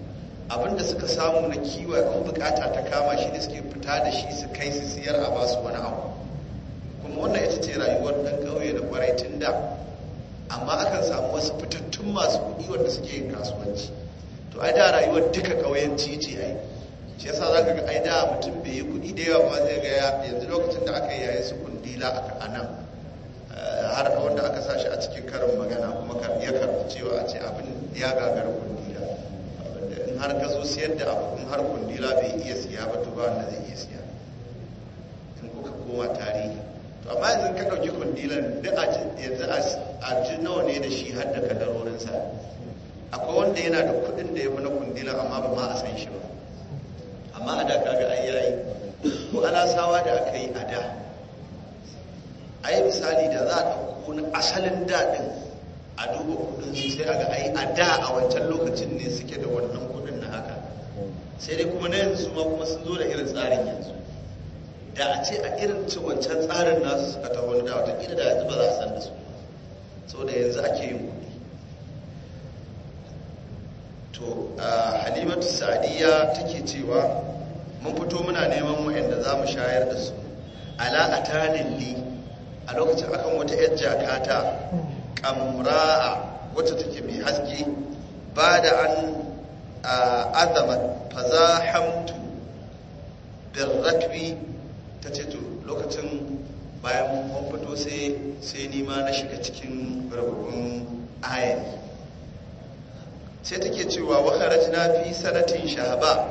abinda suka samu na kiwa ko bukata ta kama shi ne suke fita da shi su kai su siyar a basu wani abu kuma wannan ita ce rayuwar ɗan ƙauye da kwarai tun da amma akan samu wasu fitattun masu kuɗi wanda suke yin kasuwanci to ai da rayuwar duka ƙauyen titi ai shi yasa zaka ga ai da mutum bai yi kuɗi da yawa ba zai ga yanzu lokacin da aka yi su kundila a nan eh, har wanda aka sashi a cikin karin magana kuma ya karɓi cewa a ce abin ya gagara kundi har ka zo siyar da abu kuma har kundila bai iya siya ba to ba wanda zai iya siya in kuka koma tarihi to amma yanzu ka ɗauki kundilan da yanzu a ji nawa ne da shi har da kadarorinsa akwai wanda yana da kuɗin da ya fi na kundila amma ba ma a san shi ba amma a da ga ai yayi ko alasawa da aka yi a da yi misali da za a ɗauko wani asalin daɗin a duba kudin su sai aga ga ai a da a wancan lokacin ne suke da wannan kudin na haka sai dai kuma na yanzu ma kuma sun zo da irin tsarin yanzu da a ce a irin ci wancan tsarin nasu suka ta wani da watakila da yanzu ba za a san da su so da yanzu ake yin kudi to halimatu sa'adiyya take cewa mun fito muna neman wa'anda za mu shayar da su ala a tanin a lokacin akan wata yar jakata hmm. kamra'a wacce take mai haske ba da an azama fazahamtu bin rakbi ta ce to lokacin bayan mun fito sai nima na shiga cikin rububin ayani sai take cewa wa kharajna fi sanatin shahaba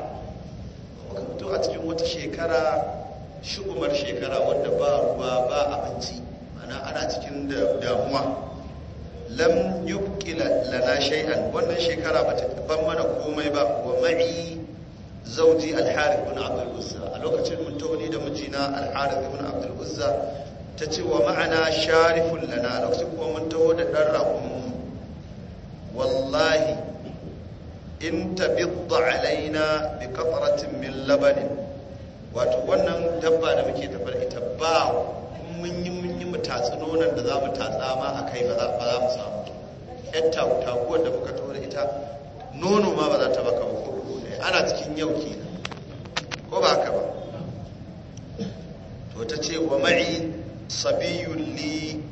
muka fito a cikin wata shekara shugumar shekara wadda ba ruwa ba abinci ana ana cikin damuwa lam yubqila lana shay'an wannan shekara ba ta ban mana komai ba wa ma'i zauji al-harith ibn abdul uzza a lokacin mun tauni da mijina al-harith ibn abdul uzza ta ce wa ma'ana sharifun lana a lokacin kuma mun taho da dan rakun wallahi in tabidda alaina bi qatratin min labanin wato wannan dabba da muke tafar ita ba mun yi mun yi mu tatsi nonon da za mu tatsa ma a kai ba za mu samu yan takuwar da muka tura ita nono ma ba za ta baka ba kudu ana cikin yau kenan ko ba haka ba to ta ce wa ma'i sabiyun li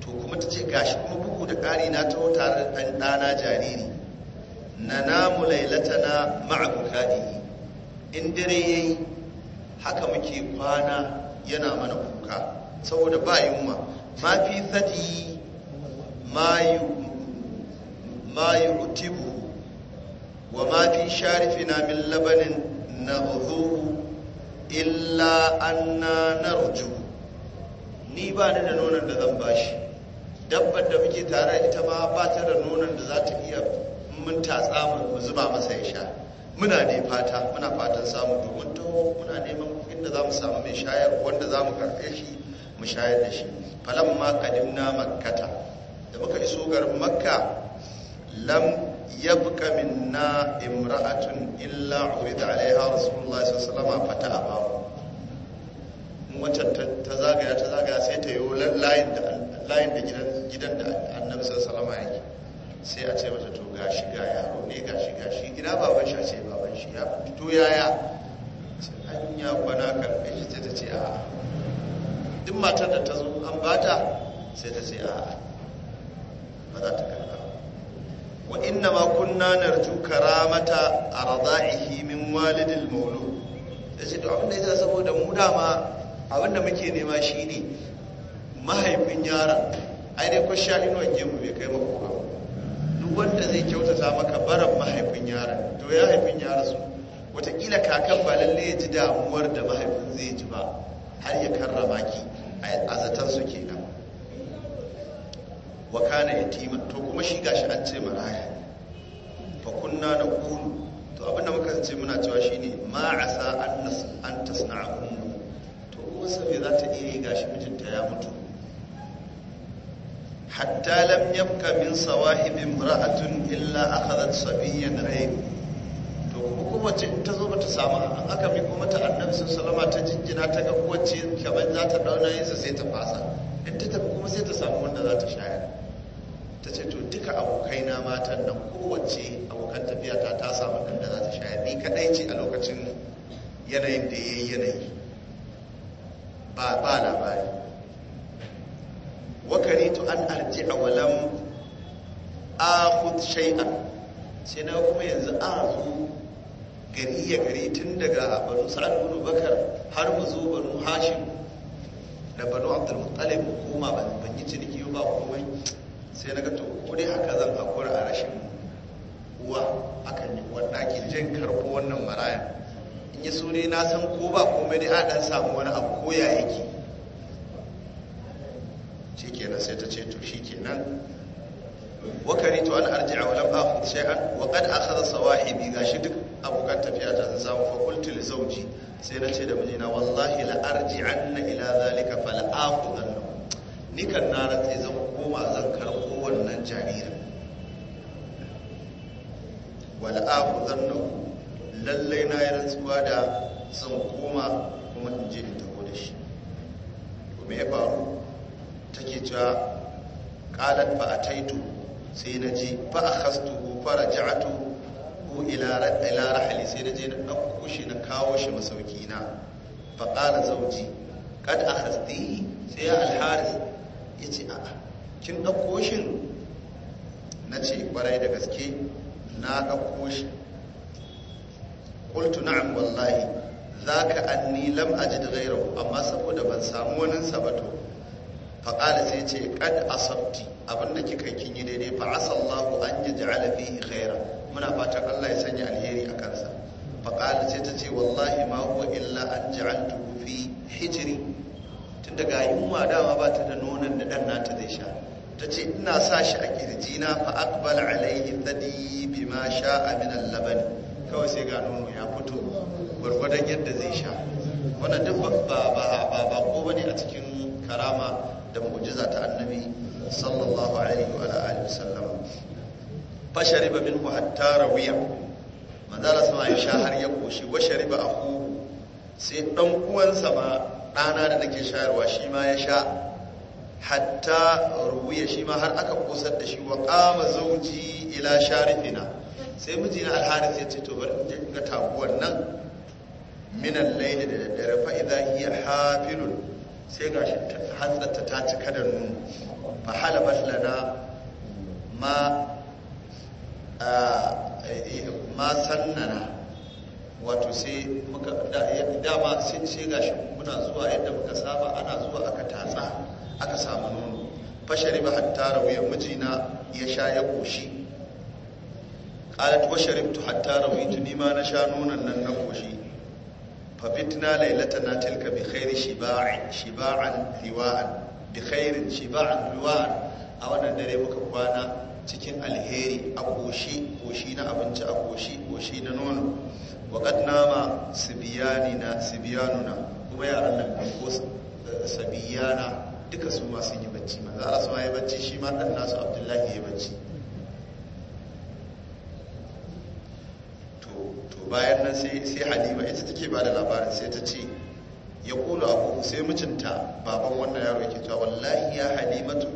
to kuma ta ce gashi kuma bugu da ƙari na ta tare ɗan ɗana jariri na namu lailatana ma'abukadi in dare yayi haka muke kwana yana mana kuka saboda ba yunwa ma fi zadi ma yi utibu wa ma fi na min labanin na illa anna narju ni ba ni da nonon da zan bashi dabbar da muke tare ita ma ba ta da nonon da za ta iya mun tatsa mu zuba masa ya sha muna ne fata muna fatan samu dogon taho muna neman da za mu samu mai shayar wanda za mu karɓe shi mu shayar da shi falamma qadimna makkata da muka iso garin makka lam ya min na imra'atun illa urida alaiha rasulullahi sallallahu alaihi wasallam fataba wacce ta zagaya ta zagaya sai ta yiwu layin da gidan da annabi sallallahu alaihi wasallam sai a ce mata to gashi ga yaro ne gashi gashi gida baban shi a ce baban shi ya fito yaya sai an ya kwana karfe shi ta ce a'a duk matar da ta zo an bata sai ta sai a ba za ta karɓa wa inna ma kunna narju karamata arda'ihi min walidil maulu sai ce to abin da yasa saboda mu dama abin da muke nema shine mahaifin yaron ai dai ko sha inuwa gemu bai kai maka ba duk wanda zai kyautata maka barar mahaifin yaron to ya haifin yaron su wataƙila kakan ba lalle ya ji damuwar da mahaifin zai ji ba har ya karrama ki a zaton su kenan wa kana yatiman to kuma shi gashi an ce maraya fa kunna kulu to abinda muka ce muna cewa shine ma asa an nas an tasna'a ummu to kuma bai za ta iya yi gashi mijinta ya mutu hatta lam yabka min sawahib imra'atin illa akhadhat sabiyyan ghayruhu to kowace in ta zo ba ta samu an aka miko mata annabi sun salama ta jinjina ta ga kowace kamar za ta dauna yinsa sai ta fasa in ta tafi kuma sai ta samu wanda za ta shayar ta ce to duka abokai na matan nan kowace abokan tafiya ta ta samu ɗan da za ta shayar ni kaɗai ce a lokacin yanayin da ya yi yanayi ba ba labari wakari to an arji a walam akhud shay'an sai na kuma yanzu a zo gari ya gari tun daga banu sa'ad bakar har mu zo banu hashim da banu abdul muttalib koma ban yi ciniki ba komai sai na ga to haka zan hakura a rashin uwa akan yi wa ke jin karbo wannan maraya in yi sune na san ko ba komai dai a dan samu wani abu ko ya yake shikenan sai ta ce to shikenan wa karitu an arji'a wa lam akhud shay'an wa qad akhadha sawahibi gashi duk abokan tafiya ta sun samu fa qultu li zawji sai nace da mijina wallahi la arji'anna ila zalika fala akhudanna ni kan na ratse zan koma zan karbo wannan jaririn wala akhudanna lallai na yi rantsuwa da zan koma kuma in je in taho da shi to me ya faru take cewa qalat fa ataitu sai na ji fa fara ja'atu ko ila rahali sai na je na ɗauko shi na kawo shi masauki na fa qala zawji kad akhasti sai ya ya ce a'a kin ɗauko shi ce kwarai da gaske na ɗauko shi qultu na'am wallahi zaka anni lam ajid ghayrahu amma saboda ban samu wani sabato faƙala sai ce kad asabti abinda kika kin yi daidai fa asallahu an yaj'ala fihi khaira muna fatan Allah ya sanya alheri a kansa faƙala sai ta ce wallahi ma huwa illa an ja'altuhu fi hijiri' tun daga ma dama ba ta da nonon da ɗan nata zai sha ta ce ina sa shi a ƙirji na fa aqbal alayhi thadi bima sha'a min al-laban kawai sai ga nono ya fito gwargwadon yadda zai sha wannan duk ba ba ba ko bane a cikin karama da mu'jiza ta annabi sallallahu alaihi wa alihi wasallam fa shariba minhu hatta rawiya manzala sama ya sha har ya koshi wa shariba aku sai dan uwansa ma dana da nake shayarwa shi ma ya sha hatta ruwiya shi ma har aka kusar da shi wa qama zawji ila sharifina sai mijina al-harith ya ce to bari in je ga taguwar nan min al-layli da daddare fa idha hiya hafilun sai ga shi hantsarta ta cika da nuna fa halabat lana ma ma sannana wato sai muka dama sai ga shi muna zuwa yadda muka saba ana zuwa aka tatsa aka samu nuna fashari ba hatta rauyar mijina ya sha ya koshi qalat wa tu hatta rauyar tuni ma na sha nonon nan na koshi na tilka bi khairi shiba'an liwa'an bi khairin shiba'an liwa'an a wannan dare muka kwana cikin alheri a koshi koshi na abinci a koshi koshi na nono waƙat nama sibiyanuna kuma yaran nan ko sabiyana duka su ma sun yi bacci ma za a su ma yi bacci shi ma ɗan nasu abdullahi ya yi bacci bayan nan sai halima ita take ba da labarin sai ta ce ya kula abu sai mijinta baban wannan yaro yake cewa wallahi ya halimatu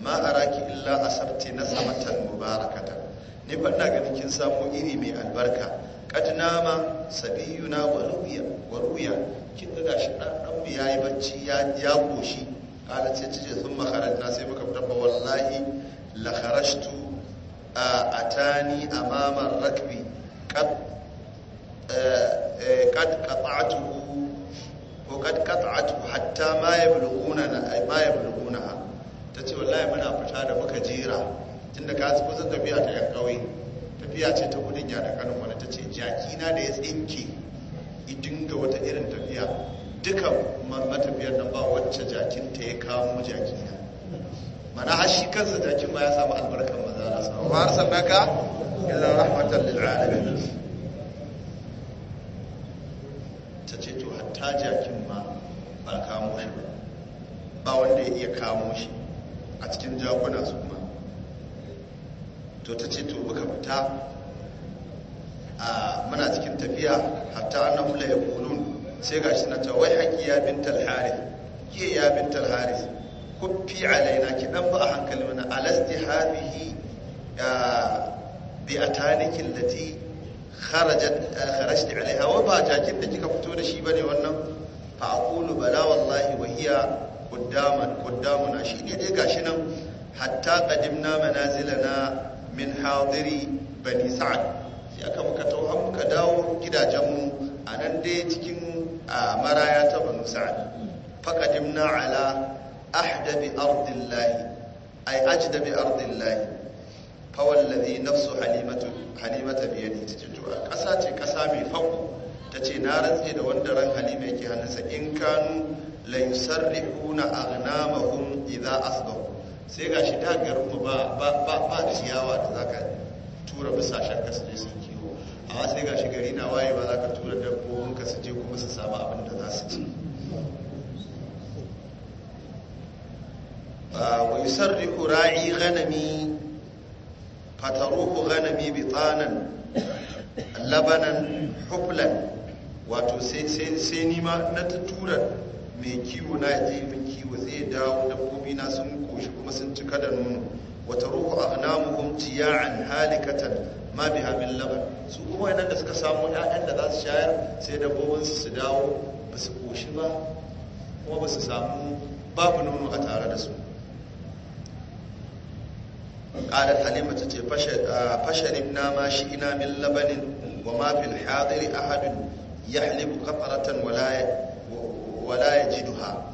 ma araki illa asabti na samatan Mubarakata ni fa ga ganin kin samu iri mai albarka kad nama sabiyuna wa ruya wa ruya kin ga gashi dan dan mu yayi bacci ya ya goshi kala ce ce sun makaranta sai muka fitar ba wallahi la kharashtu atani amama rakbi qad kad qata'tuhu ko kad qata'tu hatta ma yablughuna ma yablughuna tace wallahi muna fita da muka jira tunda ka su kusan tafiya ta yan kauye tafiya ce ta gudun ya da kanin wani tace jaki na da ya tsinke idin ga wata irin tafiya duka matafiyar nan ba wacce jakin ta ya kawo jaki na mana har shi kansa jakin ma ya samu albarkar maza na sa wa arsalnaka ila rahmatan lil alamin hatta jakin ma ba kamo shi ba ba wanda ya iya kamo shi a cikin jakuna su ma to ta ce to muka fita a muna cikin tafiya hatta annan hula ya kunun sai ga shi na ta wai haƙi ya bin talharis ke ya bin talharis kuffi alaina ki dan ba a hankali mana alasti habihi bi atanikin lati kharajat kharajti alaiha wa ba jakin da kika fito da shi bane wannan fa aqulu bala wallahi wa hiya quddaman quddamuna shine dai gashi nan hatta qadimna manazilana min hadiri bani sa'ad sai aka muka tauha muka dawo gidajenmu a nan dai cikin maraya ta banu sa'ad faqadimna ala ahdabi ardillahi ay ajdabi ardillahi fa wallazi nafsu halimatu halimata bi yadihi cewa ƙasa ce ƙasa mai fako ta ce na rantse da wanda ran halima yake hannunsa in kanu a gina aghnamahum iza asbahu sai ga shi garin mu ba ba ciyawa da ka tura bisashen ka su je su kiwo amma sai gashi gari na waye ba za ka tura dabbobin ka su je kuma su samu abin da za su ci ويسرق راعي ra'i فتروح غنمي بطانا labanan huflan wato sai nima na ta tura mai kiwo na yaje min kiwo zai dawo dabbobi na sun koshi kuma sun cika da nono wata ruhu a namuhum jiya'an halikatan ma biha min laban su kuma yana da suka samu 'ya'yan da za su shayar sai dabbobinsu su dawo ba su koshi ba kuma ba su samu babu nono a tare da su قالت حليمة فشرب ما شئنا من لبن وما في الحاضر أحد يحلب قطرة ولا ولا يجدها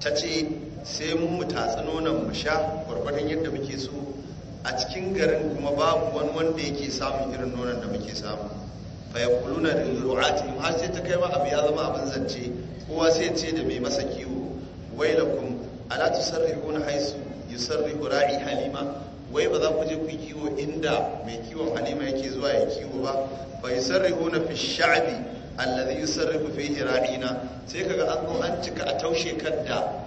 تتي sai mun mu tatsi mu sha gwargwadon yadda muke so a cikin garin kuma babu wani wanda yake samun irin nonon da muke samu fa yaquluna lil ru'ati har sai ta kai ma abu ya zama abin zance kowa sai ce da mai masa kiwo wailakum ala tusarrihuna haisu sarri ra'i halima wai ba za ku je ku kiwo inda mai kiwon halima yake zuwa ya kiwo ba fa na fi sha'bi alladhi yusarrifu fihi ra'ina sai kaga an zo an cika a taushe kadda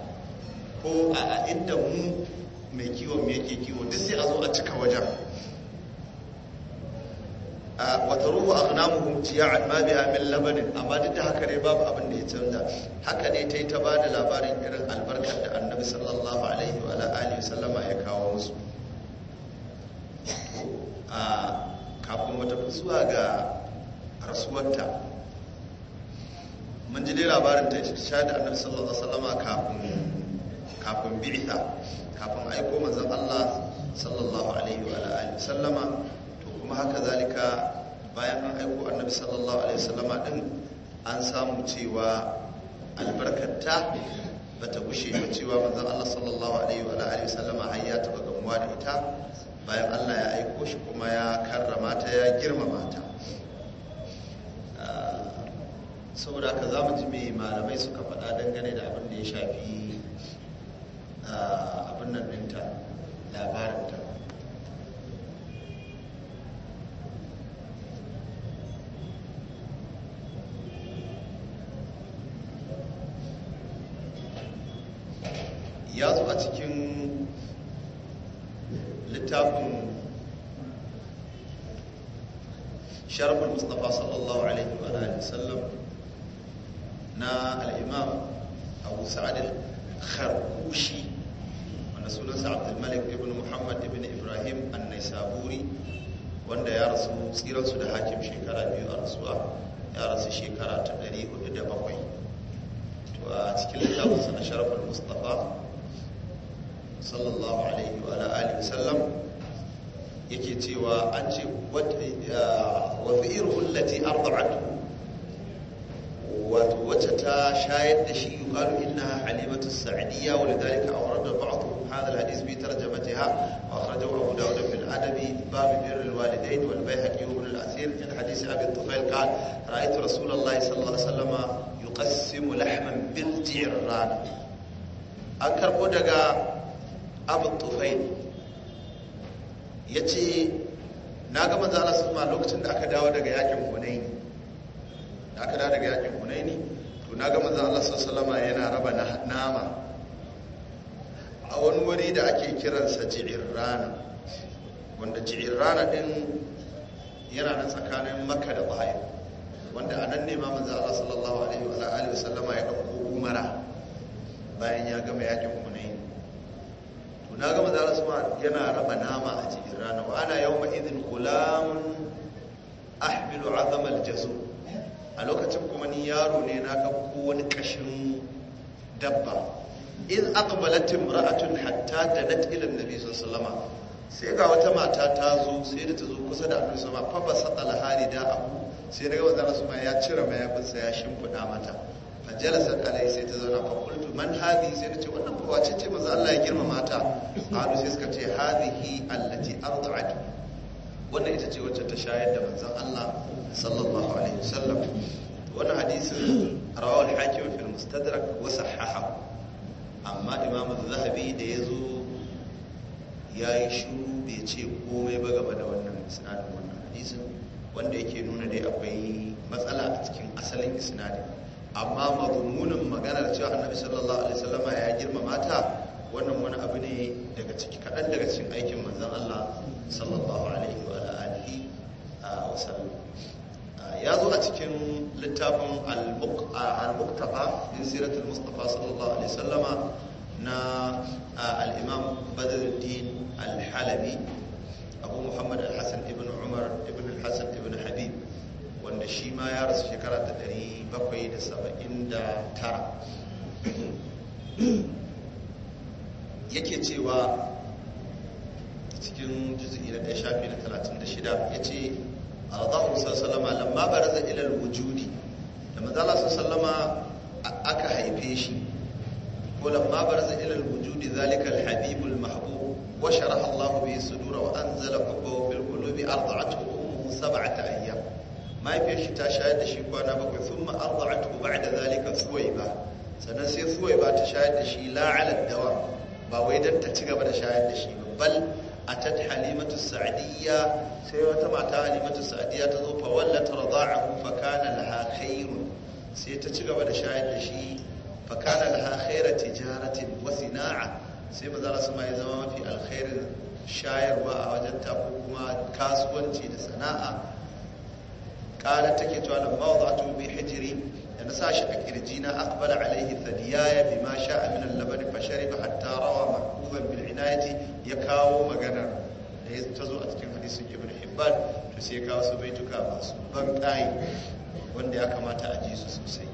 ko a inda mu mai kiwon mu yake kiwo duk sai a zo a cika wajen wata ruhu a namuhun ya almabi biya min labanin amma duk da haka ne babu abin da ya canza haka ne ta yi ta ba da labarin irin albarkar da annabi sallallahu alaihi wa alaihi sallama ya kawo musu a kafin wata zuwa ga rasuwarta mun ji dai labarin ta sha da annabi sallallahu alaihi wasallama kafin kafin bi'ita kafin aiko manzon Allah sallallahu alaihi wa alaihi sallama kuma haka zalika bayan an aiko annabi sallallahu alaihi wasallama din an samu cewa albarkata ba ta gushe ba cewa manzon Allah sallallahu alaihi wa alihi wasallama hayya ta ga gamuwa da ita bayan Allah ya aiko shi kuma ya karrama ta ya girmama ta ah, saboda haka za mu ji mai malamai suka faɗa dangane da abin da ya shafi ah, abin nan ɗinta ta. sharafin mustapha sallallahu alaihi wa alihi sallam na al'imam abu sa'ad al-kharkushi wanda sunansa abdulmalik ibn muhammad ibn ibrahim an-naisaburi wanda ya rasu tsiransu da hakim shekara biyu a rasuwa ya rasu shekara ta 407 to a cikin littafinsa na sharafin mustapha sallallahu alaihi wa alihi sallam yake cewa an ce wa fi'ir hullati arda'atu wato wacce ta shayar da shi yuqalu innaha halimatu sa'diyya wa lidhalika awrada ba'dhum hadha alhadith bi tarjamatiha wa akhrajahu abu dawud fi al-adab bab bir al-walidayn wal bayhaqi wa al-asir min hadith abi tufail qala ra'aytu rasulullahi sallallahu alaihi wasallam yuqassimu lahman bil jirran an karbo daga abu tufail ya ce na ga manzo Allah sun lokacin da aka dawo daga yakin hunaini da aka dawo daga yakin hunaini to na ga manzo Allah sallallahu alaihi yana raba nama a wani wuri da ake kiransa ji'irrana wanda ji'irrana din yana nan tsakanin makka da bayan wanda a nan ne ma manzo Allah sallallahu alaihi wa alihi Sallama ya dauko umara bayan ya gama yakin hunaini na ga da Allah yana raba nama a cikin rana wa ana yawma izin kulamun ahbilu azama jazo a lokacin kuma ni yaro ne na ga koWani kashin dabba in aka balatin ra'atun hatta na ila annabi sallallahu alaihi sai ga wata mata ta zo sai da ta zo kusa da annabi sallallahu alaihi wasallam fa alhari da abu sai daga manzo rasuwa ya cire mayafinsa ya shimfiɗa mata fajalasat alai sai ta zauna fa man sai ta ce wannan fa wace ce Allah ya girmama ta qalu sai suka ce hadhihi allati arda'at wannan ita ce wacce ta shayar da manzon Allah sallallahu alaihi wasallam wannan hadisin rawahu al-hakim fi mustadrak wa sahahahu amma imam az-zahabi da yazo yayi shiru bai ce komai ba game da wannan isnadin wannan hadisin wanda yake nuna dai akwai matsala a cikin asalin isnadin amma mazmunin maganar cewa annabi sallallahu alaihi wasallama ya girmama ta wannan wani abu ne daga ciki kaɗan daga cikin aikin manzon Allah sallallahu alaihi wa alihi wa ya zo a cikin littafin al-muqtafa din siratul mustafa sallallahu alaihi wasallama na al-imam badruddin al-halabi abu muhammad al-hasan ibn umar ibn al-hasan ibn wanda shi ma ya rasu shekara ta 779 yake cewa cikin juzu'i na ɗaya shafi na talatin da shida ya ce a razahu sallama lamma baraza ilal wujudi da mazala sallama aka haife shi ko lamma baraza ilal wujudi zalika alhabibul mahbub wa sharaha Allahu bihi sudura wa anzala hubbahu fil qulubi arda'atuhu sab'ata ayyam mahaifiyar shi ta shayar da shi kwana bakwai sun ma'arza a tuba da zalika suwai ba sannan sai suwai ba ta shayar da shi la'alar dawa ba wai don ta ci gaba da shayar da shi ba bal a ta halimatu sa'adiyya sai wata mata halimatu sa'adiyya ta zo fa wallata rada'ahu fa kana laha khairun sai ta ci gaba da shayar da shi fa kana laha khaira tijaratin wa sina'a sai ba za su ma zama mafi alkhairin shayarwa a wajen ta kuma kasuwanci da sana'a kanar take cewa na mawaza tu bi hijiri da na sa shi a kirji na akbala alaihi thadiyaya bi ma sha a minan labarin fashari ba hatta rawa mahbuban bil inayati ya kawo magana da ya ta zo a cikin hadisi ibn hibban to sai ya kawo su bai tuka masu ban wanda ya kamata a ji su sosai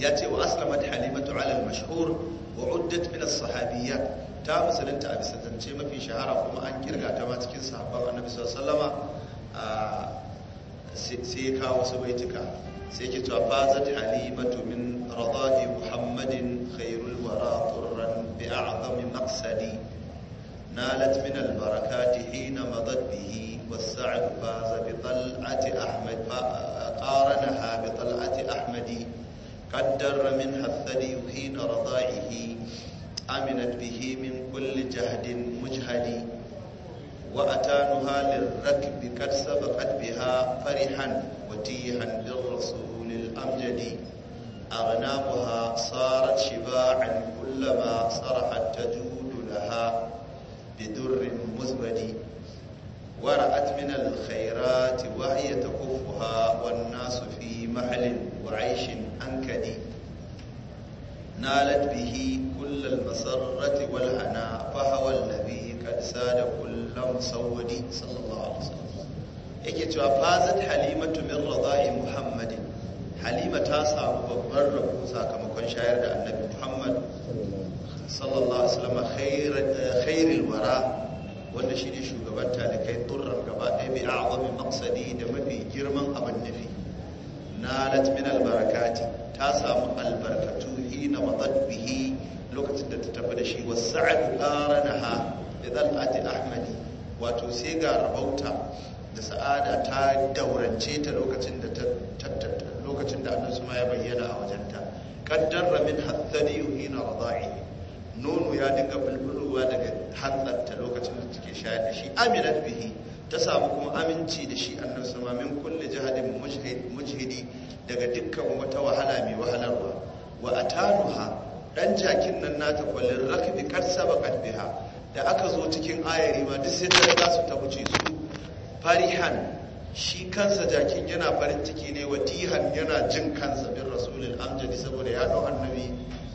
ya ce wa aslamat halimatu ala al-mashhur wa uddat min as-sahabiyyat ta musulunta a bisa zance mafi shahara kuma an kirga ta ma cikin sahabban annabi sallallahu alaihi sai ya kawo wasu baitika sai ke cewa fazat halimatu min radai muhammadin khairul wara turran bi a'zami maqsadi nalat min al barakati hina madat bihi والسعد فاز بطلعة أحمد قارنها بطلعة أحمدي قد در منها الثدي حين رضاعه أمنت به من كل جهد مجهد وأتانها للركب قد سبقت بها فرحا وتيها للرسول الأمجد أغنامها صارت شباعا كلما صرحت تجود لها بدر مزبد ورأت من الخيرات وهي تكفها والناس في محل وعيش أنكد نالت به كل المسرة والهنا فهوى النبي qad sada kullam sawadi sallallahu alaihi wasallam yake cewa fazat halimatu min radai muhammad halima ta samu babban rabo sakamakon shayar da annabi muhammad sallallahu alaihi wasallam khairul wara wanda shine shugaban kai turran gaba ɗaya bi a'zami maqsadi da mafi girman abin nufi nalat min albarakati ta samu albarkatu hina madat bihi lokacin da ta tafi da shi wasa'ad naha bi zal'ati ahmadi wato sai ga rabauta da sa'ada ta daurance ta lokacin da lokacin da ya bayyana a wajenta qaddarra min hathani yuhina radai nono ya dinga bulbulowa daga hanzarta lokacin da take shayar da shi aminat bihi ta samu kuma aminci da shi annabi ma min kulle jahadin mujhidi daga dukkan wata wahala mai wahalarwa wa atanuha dan jakin nan nata kwallin rakbi kar sabaqat biha da aka zo cikin ayari ma duk sai za su tabbace su farihan shi kansa jakin yana farin ciki ne tihan yana jin kansa bin rasulun amjadi saboda ya ɗau annabi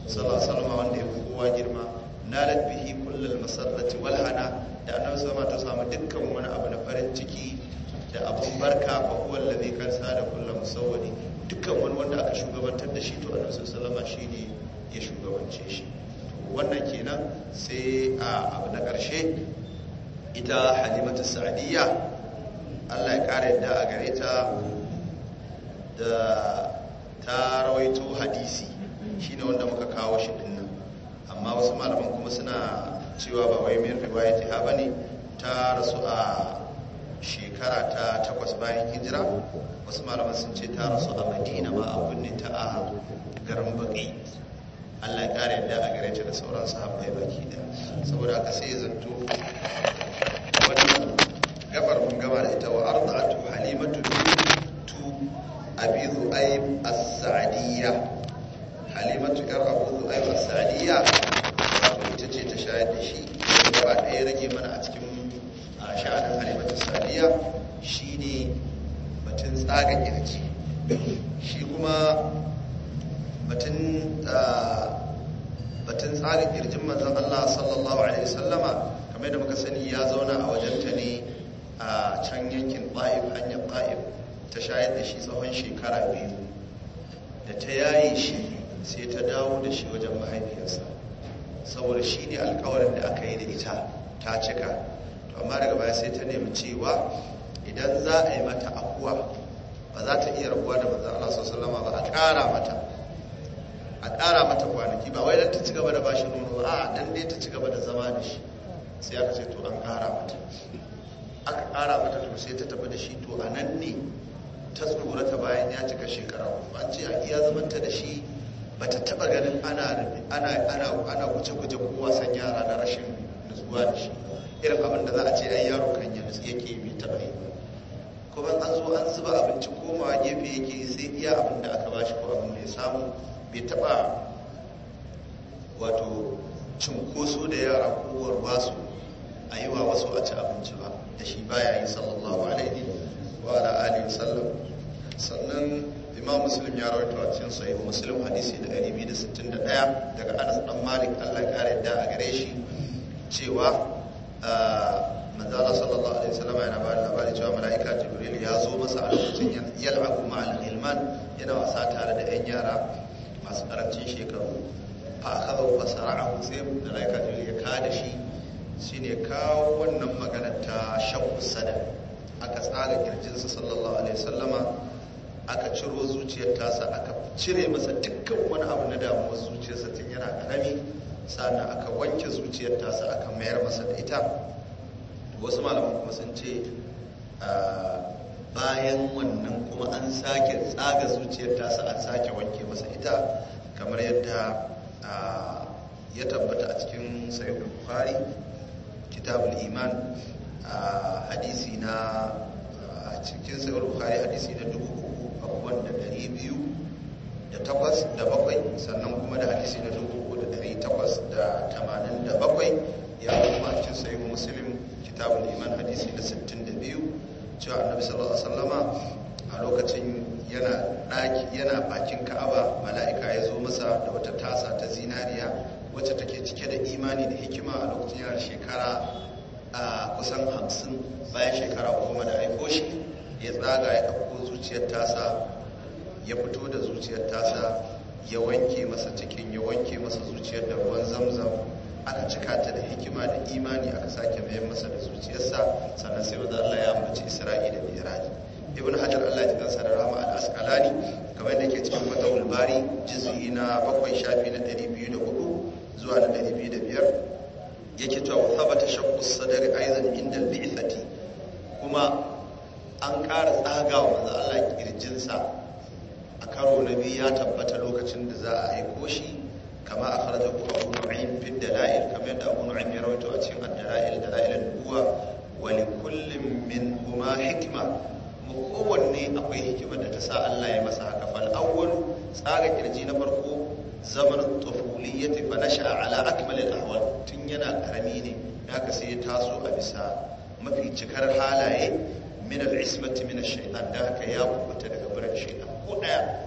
sallallahu alaihi wasallam wanda ya fi kowa girma na bihi kullum masarrati walhana da annabi sama ta samu dukkan wani abu na farin ciki da abun barka fa huwa allazi kan da kullum, saboda dukkan wani wanda aka shugabantar da shi to annabi sallallahu alaihi wasallam ne ya shugabance shi wannan kenan sai a abu na ƙarshe ita halimatu sa'adiyya allah ya ƙara yadda a gare ta da ta rawaito hadisi shine wanda muka kawo shi nan amma wasu malaman kuma suna cewa ba wai min riwayati ha bane ta rasu a shekara ta takwas bayan hijira wasu malaman sun ce ta rasu a madina ba a kunne ta a garin baƙi Allah ya kare yadda a gare ta da sauran sahabbai baki da saboda aka sai ya zanto wannan gabar mun gama da ita wa arda'atu halimatu tu abi aib as-sa'diyya halimatu yar abu zu'aib as-sa'diyya ita ce ta shayar da shi gaba ɗaya rage mana a cikin sha'anin halimatu sa'diyya shine batun tsaga kirki shi kuma batun ah, batun tsarin kirjin manzan Allah sallallahu alaihi sallama, kamar da muka sani ya zauna a wajenta ne a can yankin Ta'if hanyar Ta'if ta shayar da shi tsawon shekara biyu da ta yaye shi sai ta dawo da shi wajen mahaifiyarsa saboda shi ne alkawarin da aka yi da ita ta cika to amma daga baya sai ta nemi cewa idan za a yi mata akuwa ba za ta iya rabuwa da manzon Allah sallallahu alaihi ba a ƙara mata a ƙara mata kwanaki ba wai dan ta ci gaba da bashi nono a dan dai ta ci gaba da zama da shi sai aka ce to an ƙara mata aka ƙara mata to sai ta tafi da shi to a nan ne ta ta bayan ya cika shekara uku an ce a iya zamanta da shi ba ta taɓa ganin ana guje-guje ko wasan yara na rashin nutsuwa da shi irin abin da za a ce ai yaro kan ya nutsu yake bai taɓa yi kuma an zo an zuba abinci komawa gefe yake sai iya abin da aka bashi ko abin da ya samu bai taba wato cinkoso da yara kowar basu a yi wa wasu a ci abinci ba da shi baya yi sallallahu alaihi wa ala alihi sallam sannan imam muslim ya rawaito a cikin sahih muslim hadisi da 261 daga anas dan malik Allah ya kare da a gare shi cewa manzala sallallahu alaihi wasallam yana ba da labari cewa mala'ika jibril ya zo masa a lokacin yal'abu ma'al ilman yana wasa tare da yan yara masu karancin shekaru fa akhadhu fasara'ahu sai malaika jiri ya kada shi shine kawo wannan magana ta shakku sada aka tsara kirjinsa sallallahu alaihi wasallama aka ciro zuciyar tasa aka cire masa dukkan wani abu na damuwar zuciyarsa tun yana karami sannan aka wanke zuciyar tasa aka mayar masa da ita wasu malaman kuma sun ce ah, bayan wannan kuma an sake tsaga zuciyar tasa an sake wanke masa ita kamar yadda ya tabbata a cikin da buhari kitabul iman hadisi na a cikin sayyidul buhari hadisi na dubu uku abubuwan da dari biyu da takwas da bakwai sannan kuma da hadisi na dubu uku da dari takwas da tamanin da bakwai ya kuma a cikin sayyidul muslim kitabul iman hadisi na sittin da biyu cewa annabi sallallahu alaihi wasallama a lokacin yana daki yana bakin ka'aba mala'ika ya zo masa da wata tasa ta zinariya wacce take cike da imani da hikima a lokacin yana shekara a kusan hamsin bayan shekara goma da haifo shi ya tsaga ya ɗauko zuciyar tasa ya fito da zuciyar tasa ya wanke masa cikin ya wanke masa zuciyar da ruwan zamzam ana cika ta da hikima da imani aka sake mayan masa da zuciyarsa sannan sai wanda Allah ya ambaci Isra'i da Miraji ibn Hajar Allah ya kansa da rahama al-Asqalani kamar yadda yake cikin Fatahul Bari juz'i na 7 shafi na 204 zuwa na 205 yake cewa wa thabata shaqqu sadri aidan inda al-bi'thati kuma an ƙara tsagawa manzo Allah kirjinsa a karo na biyu ya tabbata lokacin da za a aiko shi kama a kharajaku abu nu'aym fi dalail kamar yadda abu nu'aym ya rawaito a cikin ad-dalail dalail an-nubuwa wa li kullin minhuma mu kowanne akwai hikimar da ta sa Allah ya masa haka fal awwal tsaga kirji na farko zaman tafuliyyati fa nasha ala akmal al-ahwal tun yana karami ne haka sai ya taso a bisa mafi cikar halaye min al-ismati min ash-shaytan da haka ya kubuta daga buran shaytan ko daya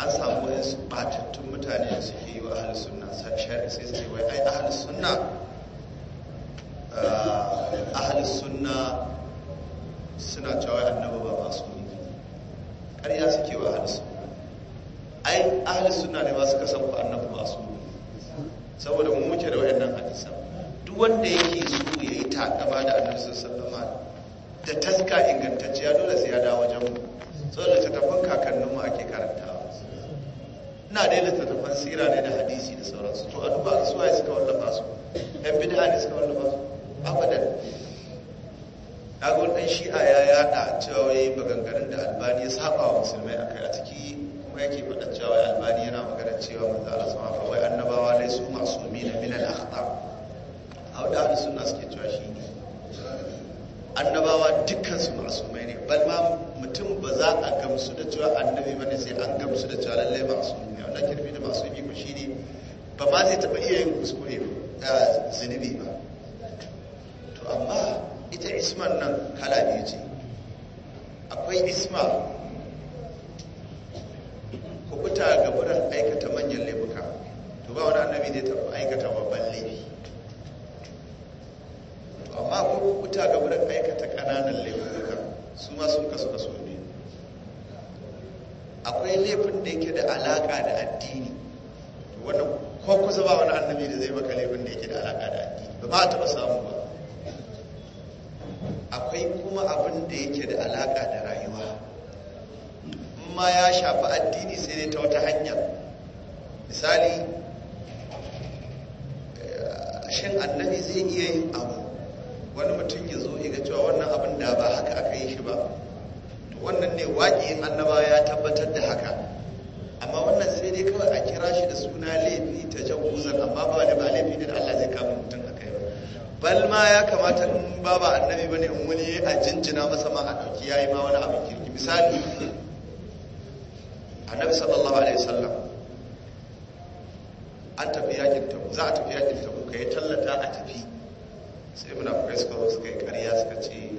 an samu wasu batattun mutane da suke yi wa ahal suna shari'a sai su wai ai ahal suna ahal suna suna cewa annabi ba masu ne ƙarya suke wa ahal suna ai ahal suna ne ba suka san annaba ba masu ne saboda mu muke da wayannan hadisan duk wanda yake so ya yi takama da annabi sallallahu alaihi da taska ingantacciya dole sai ya dawo wajen mu saboda ta tafin kakanninmu ake karanta ina da littattafan sira ne da hadisi da sauransu to a duba su waye suka wallafa su yan bid'a ne suka wallafa su abadan kaga wani dan shi'a ya yada cewa wai maganganun da albani ya saba wa musulmai akai a ciki kuma yake faɗa cewa albani yana magana cewa manzo Allah sama fa wai annabawa dai su masumi na min al-akhta a wada sunna suke cewa shi ne annabawa dukkan su masumai ne bal ma mutum ba za a gamsu da cewa annabi bane sai an gamsu da cewa lallai masu ne wannan kirmi da masu bi ko shine ba ma zai taɓa iya yin kuskure ba eh, zunubi ba to amma ita isman nan kala biyu ce akwai isma kubuta ga wurin aikata manyan laifuka to ba wani annabi da ya taɓa aikata babban laifi amma kubuta ga wurin aikata ƙananan laifuka su ma sun kasu kaso ne akwai laifin da yake da alaka da addini wannan ko kusa ba wani annabi da zai maka laifin da yake da alaka da addini ba ma taɓa samu ba akwai kuma abin da yake da alaka da rayuwa ma ya shafi addini sai dai ta wata hanya misali eh, shin annabi zai iya yin abu wani mutum ya zo ya cewa wannan abin da ba haka aka yi shi ba to wannan ne waƙi annaba ya tabbatar da haka amma wannan sai dai kawai a kira shi da suna laifi ta jagozan amma ba da ba laifi ne da Allah zai kama mutum a kai ba bal ma ya kamata in ba ba annabi bane in wani a jinjina masa ma a ɗauki yayi ma wani abin kirki misali annabi sallallahu alaihi wasallam an tafi yakin tabu za a tafi yakin tabu kai tallata a tafi sai muna suka suka yi kariya suka ce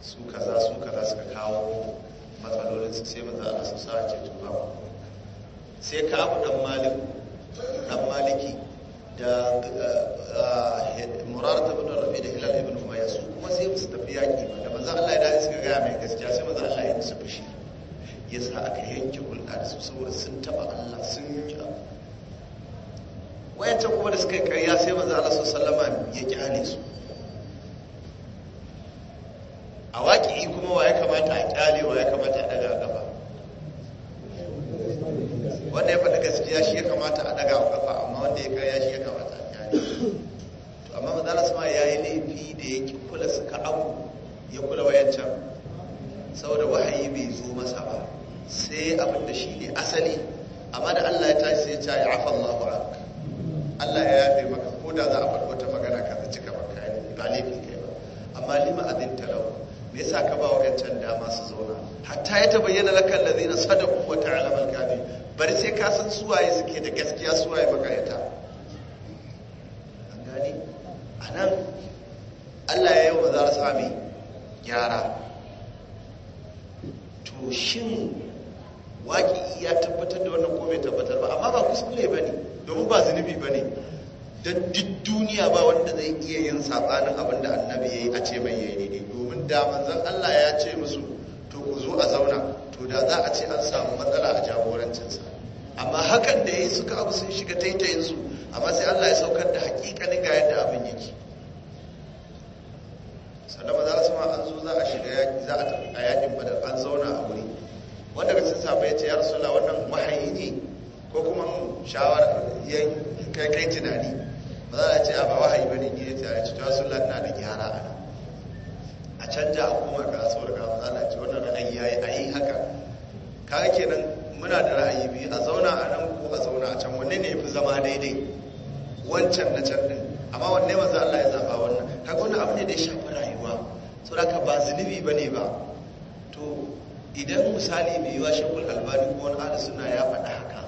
su kaza su kaza suka kawo matsalolin su sai maza a su sa ce to ba sai ka abu dan malik dan maliki da uh, murar ta bin rabi da hilal ibn umayya su kuma sai musu tafi yaki da manzo Allah ya dace suka ga mai gaskiya sai manzo Allah ya musu fushi yasa aka yanke hulɗa da su saboda sun taba Allah sun yi wayancan kuma da suka yi karya sai manzo Allah sallama ya kyale su a waƙi kuma wa ya kamata a kyale wa ya kamata a daga gaba wanda ya faɗa gaskiya shi ya kamata a daga gaba amma wanda ya karya shi ya kamata a kyale to amma manzo Allah sama ya yi laifi da ya kula suka abu ya kula wayancan saboda wahayi bai zo masa ba sai abin da shi ne asali amma da Allah ya tashi sai ya ce ya afa Allahu anka Allah ya yafe maka ko da za a faɗi wata magana ka zaci ka baka yi ba laifi kai ba amma lima adin talau me yasa ka ba wadancan dama su zauna hatta ya tabayyana laka allazina sadaqu wa ta'lamu al-kadhib bari sai ka san suwaye suke da gaskiya suwaye makareta an gani anan Allah ya yi wa za sami gyara to shin waki ya tabbatar da wannan ko bai tabbatar ba amma ba kuskure ba ne domin ba zunubi ba ne don duk duniya ba wanda zai iya yin saɓanin abin da annabi ya yi a ce mai yayi daidai domin da manzan allah ya ce musu to ku zo a zauna to da za a ce an samu matsala a jagorancinsa amma hakan da ya yi suka abu sun shiga taitayinsu amma sai allah ya saukar da hakikanin ga yadda abin yake sannan ba su ma an zo za a shiga za yakin badar an zauna a wuri wanda ga sun sabai ya ce ya rasu wannan wahayi ne ko kuma shawara kai kai tunani ba za a ce a ba wahayi ba ne gina tunani cikin wasu lantana da gyara a nan a canja a kuma da kama za a ce wannan ra'ayi ya yi a yi haka ka nan muna da ra'ayi biyu a zauna a nan ko a zauna a can wanne ne ya fi zama daidai wancan na can din amma wanne za Allah ya zaba wannan kaga wannan abu ne da ya shafi rayuwa saboda ba zunubi bane ba to idan misali mai yiwa shekul albani ko wani ala suna ya faɗa haka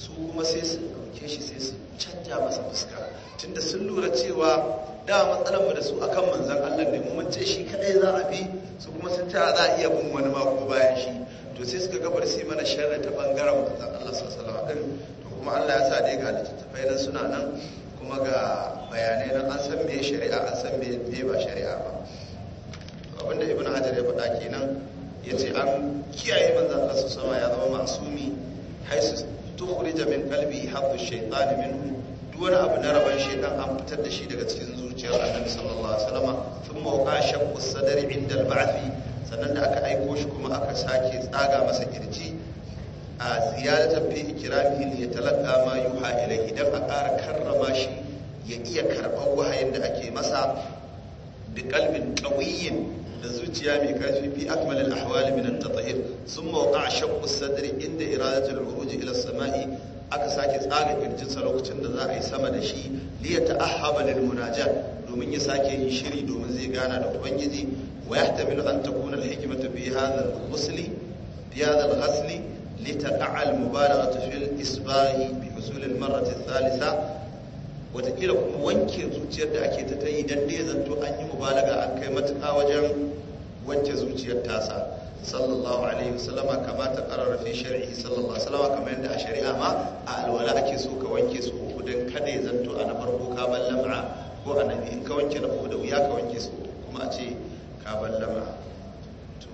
su kuma sai su ɗauke shi sai su canja masa fuska tunda sun lura cewa da matsalar mu da su akan manzan Allah ne mu ce shi kadai za a bi su kuma sun ta za a iya bin wani ma ko bayan shi to sai suka gabar sai mana sharri ta bangaren manzan Allah sallallahu alaihi wasallam to kuma Allah ya sa dai ga littattafai nan suna nan kuma ga bayanai nan an san me shari'a an san me ba shari'a ba abinda ibn hajar ya faɗa kenan ya ce an kiyaye manzan Allah sallallahu alaihi wasallam ya zama masumi haisu tukhrija min qalbi hadhu shaytan minhu duk wani abu na raban shaytan an fitar da shi daga cikin zuciyar annabi sallallahu alaihi wasallam thumma waqa shaqqu sadri inda al-ba'th sannan da aka aiko shi kuma aka sake tsaga masa kirji a ziyarata fi ikramihi ya yatalaqqa ma yuha ilayhi dan a ƙara karrama shi ya iya karɓar wahayin da ake masa bi qalbin qawiyyin da zuciya mai kashi fi akmal al ta min sun tatahir thumma waqa'a shaqqu inda iradatu al ila samai aka sake tsaga kirjinsa lokacin da za a yi sama da shi liyata ta'ahhaba lil munajat domin ya sake yin shiri domin zai gana da ubangiji wa yahtamilu an takuna al-hikmatu bi hadha al-ghusli bi hadha al-ghasli لتقع المبالغة في الإصباح بحصول المرة الثالثة watakila kuma wanke zuciyar da ake ta ta yi dan dai zanto an yi mubalaga an kai matuƙa wajen wanke zuciyar tasa sallallahu alaihi wasallama kama ta qarara fi shar'i sallallahu alaihi wasallama kamar yadda a shari'a ma a alwala ake so ka wanke su uku dan kada ya zanto a na farko ka ban lam'a ko a nabi in ka wanke na uku da wuya ka wanke su kuma a ce ka ban lam'a to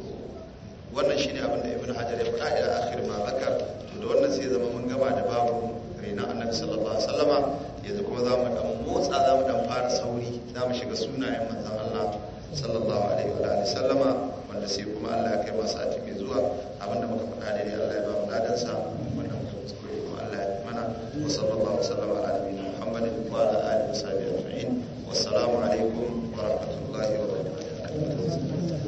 wannan shine abin da ibnu hajar ya faɗa ila akhir ma zakar to da wannan sai zama mun gama da babu rena annabi sallallahu alaihi wasallama yanzu kuma za mu dan motsa za mu dan fara sauri za mu shiga sunayen manzan Allah sallallahu alaihi wa alihi sallama wanda sai kuma Allah ya kai mu sati mai zuwa abinda muka faɗa da Allah ya ba mu ladan sa wannan kuskure kuma Allah ya mana wa sallallahu sallama ala nabiyina Muhammadin wa ala alihi wa sahbihi ajma'in wassalamu alaikum wa rahmatullahi wa barakatuh